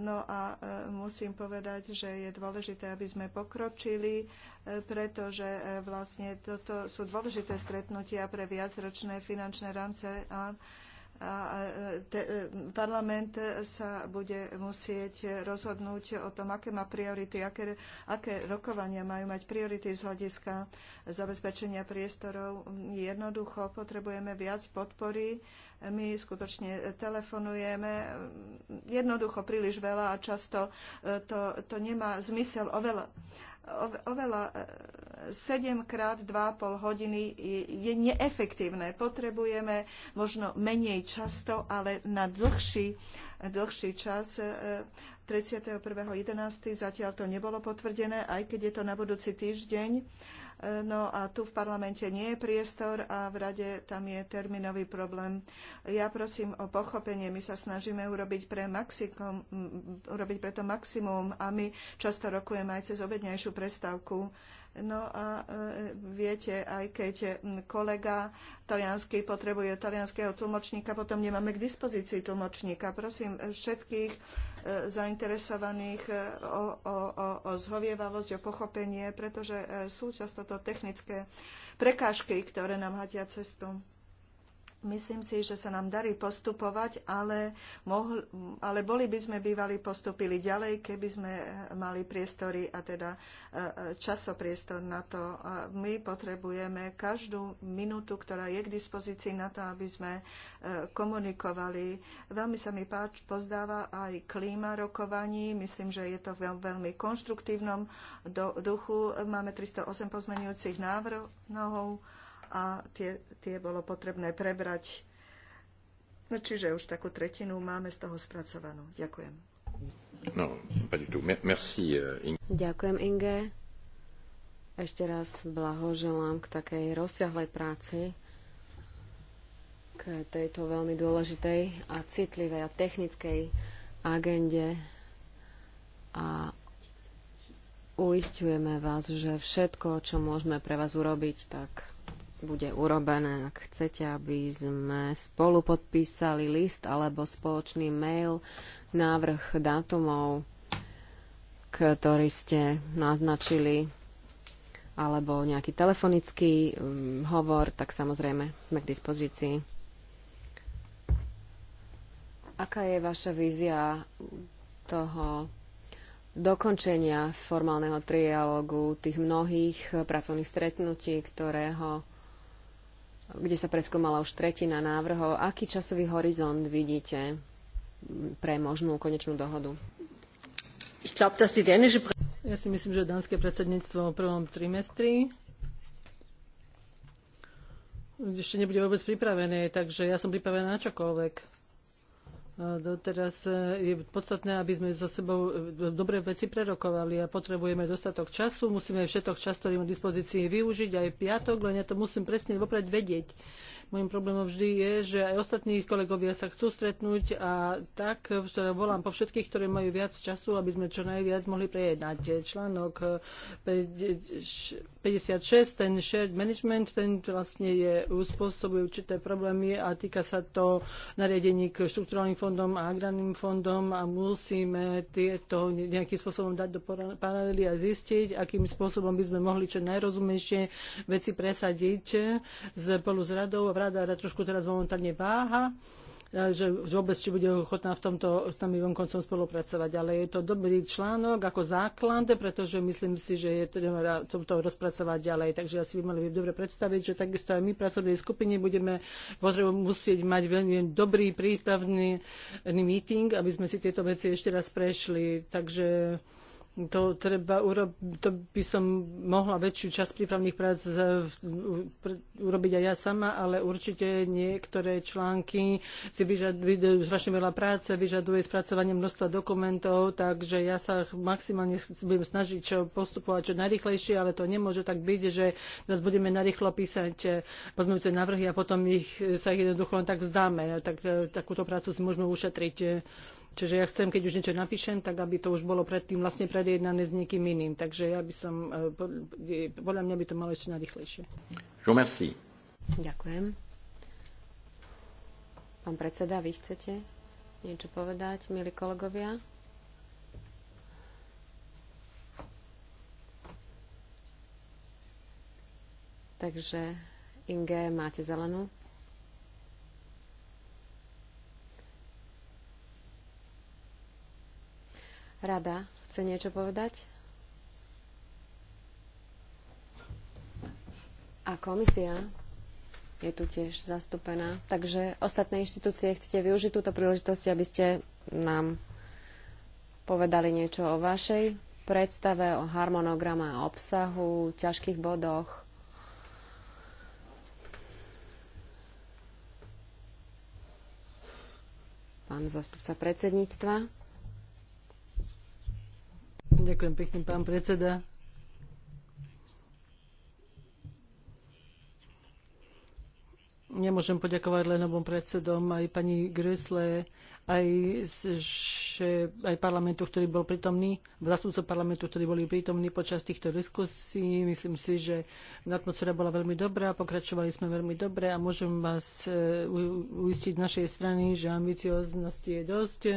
No a e, musím povedať, že je dôležité, aby sme pokročili, e, pretože e, vlastne toto sú dôležité stretnutia pre viacročné finančné rámce a a te, e, parlament sa bude musieť rozhodnúť o tom, aké má priority, aké, aké rokovania majú mať priority z hľadiska zabezpečenia priestorov. Jednoducho potrebujeme viac podpory. My skutočne telefonujeme jednoducho príliš veľa a často e, to, to nemá zmysel oveľa oveľa 7 krát 2,5 hodiny je neefektívne. Potrebujeme možno menej často, ale na dlhší, dlhší čas 31.11. E, zatiaľ to nebolo potvrdené, aj keď je to na budúci týždeň No a tu v parlamente nie je priestor a v rade tam je terminový problém. Ja prosím o pochopenie. My sa snažíme urobiť, pre maxikom, urobiť preto maximum a my často rokujeme aj cez obednejšiu prestávku. No a e, viete, aj keď kolega talianský potrebuje talianského tlmočníka, potom nemáme k dispozícii tlmočníka. Prosím e, všetkých e, zainteresovaných o, o, o, o zhovievavosť, o pochopenie, pretože sú často to technické prekážky, ktoré nám hatia cestu. Myslím si, že sa nám darí postupovať, ale, mohl, ale boli by sme bývali postupili ďalej, keby sme mali priestory a teda e, e, časopriestor na to. My potrebujeme každú minútu, ktorá je k dispozícii na to, aby sme e, komunikovali. Veľmi sa mi páč, pozdáva aj klíma rokovaní. Myslím, že je to v veľmi konštruktívnom duchu. Máme 308 pozmenujúcich návrhov a tie, tie bolo potrebné prebrať. No, čiže už takú tretinu máme z toho spracovanú. Ďakujem. No, Merci, euh, Inge. Ďakujem, Inge. Ešte raz blahoželám k takej rozsiahlej práci, k tejto veľmi dôležitej a citlivej a technickej agende a uistujeme vás, že všetko, čo môžeme pre vás urobiť, tak bude urobené. Ak chcete, aby sme spolu podpísali list alebo spoločný mail, návrh dátumov, ktorý ste naznačili, alebo nejaký telefonický mm, hovor, tak samozrejme sme k dispozícii. Aká je vaša vízia toho dokončenia formálneho trialógu, tých mnohých pracovných stretnutí, ktorého kde sa preskúmala už tretina návrhov. Aký časový horizont vidíte pre možnú konečnú dohodu? Ja si myslím, že dánske predsedníctvo v prvom trimestri ešte nebude vôbec pripravené, takže ja som pripravená na čokoľvek. Doteraz e, je podstatné, aby sme so sebou e, dobré veci prerokovali a potrebujeme dostatok času. Musíme všetok čas, ktorý máme v dispozícii, využiť aj piatok, len ja to musím presne vopred vedieť. Mojím problémom vždy je, že aj ostatní kolegovia sa chcú stretnúť a tak teda volám po všetkých, ktorí majú viac času, aby sme čo najviac mohli prejednať. Článok 56, ten shared management, ten vlastne je, spôsobuje určité problémy a týka sa to nariadení k štruktúrálnym fondom a agrárnym fondom a musíme tieto nejakým spôsobom dať do paralely a zistiť, akým spôsobom by sme mohli čo najrozumejšie veci presadiť spolu s radou a rada trošku teraz momentálne váha, že vôbec či bude ochotná v tomto s nami vonkoncom spolupracovať. Ale je to dobrý článok ako základ, pretože myslím si, že je treba to, to rozpracovať ďalej. Takže asi by mali byť dobre predstaviť, že takisto aj my pracovnej skupine budeme potrebu musieť mať veľmi dobrý prípravný meeting, aby sme si tieto veci ešte raz prešli. Takže to treba urobiť, to by som mohla väčšiu časť prípravných prác eh, urobiť aj ja sama, ale určite niektoré články si vyžadujú strašne veľa práce, vyžaduje spracovanie množstva dokumentov, takže ja sa maximálne budem snažiť čo postupovať čo najrychlejšie, ale to nemôže tak byť, že nás budeme narýchlo písať eh, pozmeňujúce návrhy a potom ich eh, sa ich jednoducho len tak zdáme. Tak, takúto prácu si môžeme ušetriť Čiže ja chcem, keď už niečo napíšem, tak aby to už bolo predtým vlastne predjednané s niekým iným. Takže ja by som, e, podľa mňa by to malo ešte najrychlejšie. Ďakujem. Pán predseda, vy chcete niečo povedať, milí kolegovia? Takže Inge, máte zelenú? Rada chce niečo povedať? A komisia je tu tiež zastúpená. Takže ostatné inštitúcie chcete využiť túto príležitosť, aby ste nám povedali niečo o vašej predstave, o harmonograme, o obsahu, ťažkých bodoch. Pán zastupca predsedníctva. Ďakujem pekne, pán predseda. Nemôžem poďakovať len obom predsedom aj pani Grösle aj, že, aj parlamentu, ktorý bol prítomný, zastupcov parlamentu, ktorí boli prítomní počas týchto diskusí. Myslím si, že atmosféra bola veľmi dobrá, pokračovali sme veľmi dobre a môžem vás e, uistiť z našej strany, že ambicioznosti je dosť. E,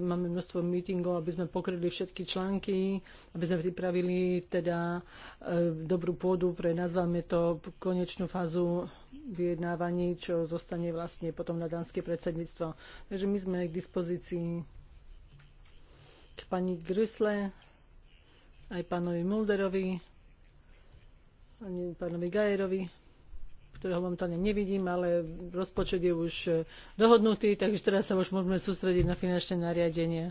máme množstvo mítingov, aby sme pokryli všetky články, aby sme pripravili teda e, dobrú pôdu pre, nazvame to, konečnú fázu vyjednávaní, čo zostane vlastne potom na dánske predsedníctvo. Takže my sme k dispozícii k pani Grysle, aj pánovi Mulderovi, ani pánovi Gajerovi, ktorého momentálne nevidím, ale rozpočet je už dohodnutý, takže teraz sa už môžeme sústrediť na finančné nariadenie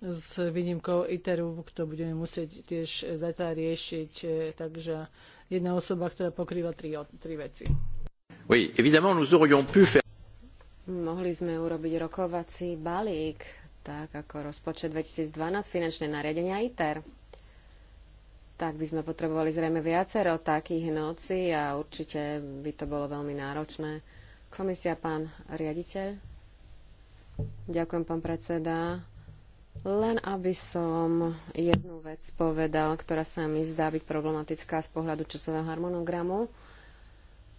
s výnimkou ITERu, to budeme musieť tiež zatiaľ riešiť, takže jedna osoba, ktorá pokrýva tri, tri veci. Oui, évidemment, nous aurions pu faire... Mohli sme urobiť rokovací balík, tak ako rozpočet 2012, finančné nariadenia ITER. Tak by sme potrebovali zrejme viacero takých noci a určite by to bolo veľmi náročné. Komisia, pán riaditeľ. Ďakujem, pán predseda. Len aby som jednu vec povedal, ktorá sa mi zdá byť problematická z pohľadu časového harmonogramu.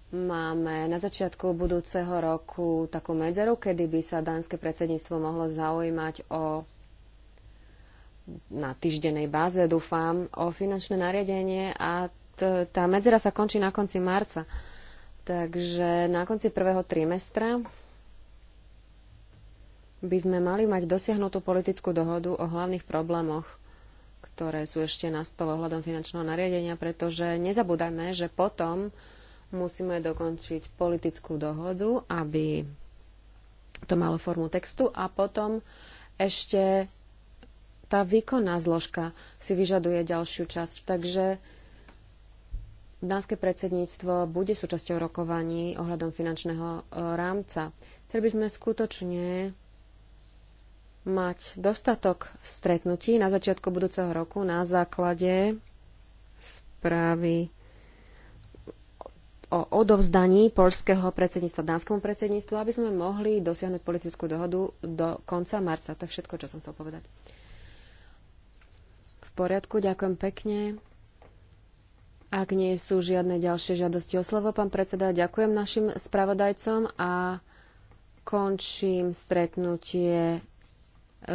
Máme na začiatku budúceho roku takú medzeru, kedy by sa dánske predsedníctvo mohlo zaujímať o na týždenej báze, dúfam, o finančné nariadenie a tá medzera sa končí na konci marca. Takže na konci prvého trimestra by sme mali mať dosiahnutú politickú dohodu o hlavných problémoch, ktoré sú ešte na stole ohľadom finančného nariadenia, pretože nezabúdajme, že potom musíme dokončiť politickú dohodu, aby to malo formu textu a potom ešte tá výkonná zložka si vyžaduje ďalšiu časť. Takže dánske predsedníctvo bude súčasťou rokovaní ohľadom finančného e, rámca. Chceli by sme skutočne mať dostatok stretnutí na začiatku budúceho roku na základe správy o odovzdaní polského predsedníctva dánskemu predsedníctvu, aby sme mohli dosiahnuť politickú dohodu do konca marca. To je všetko, čo som chcel povedať. V poriadku, ďakujem pekne. Ak nie sú žiadne ďalšie žiadosti o slovo, pán predseda, ďakujem našim spravodajcom a končím stretnutie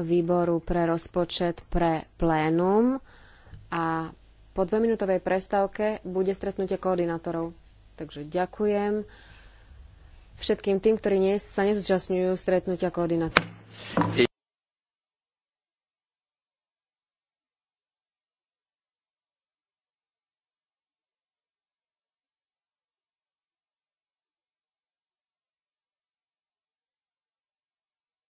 výboru pre rozpočet pre plénum a po dvojminútovej prestávke bude stretnutie koordinátorov. Takže ďakujem všetkým tým, ktorí nie, sa nezúčastňujú stretnutia koordinátorov.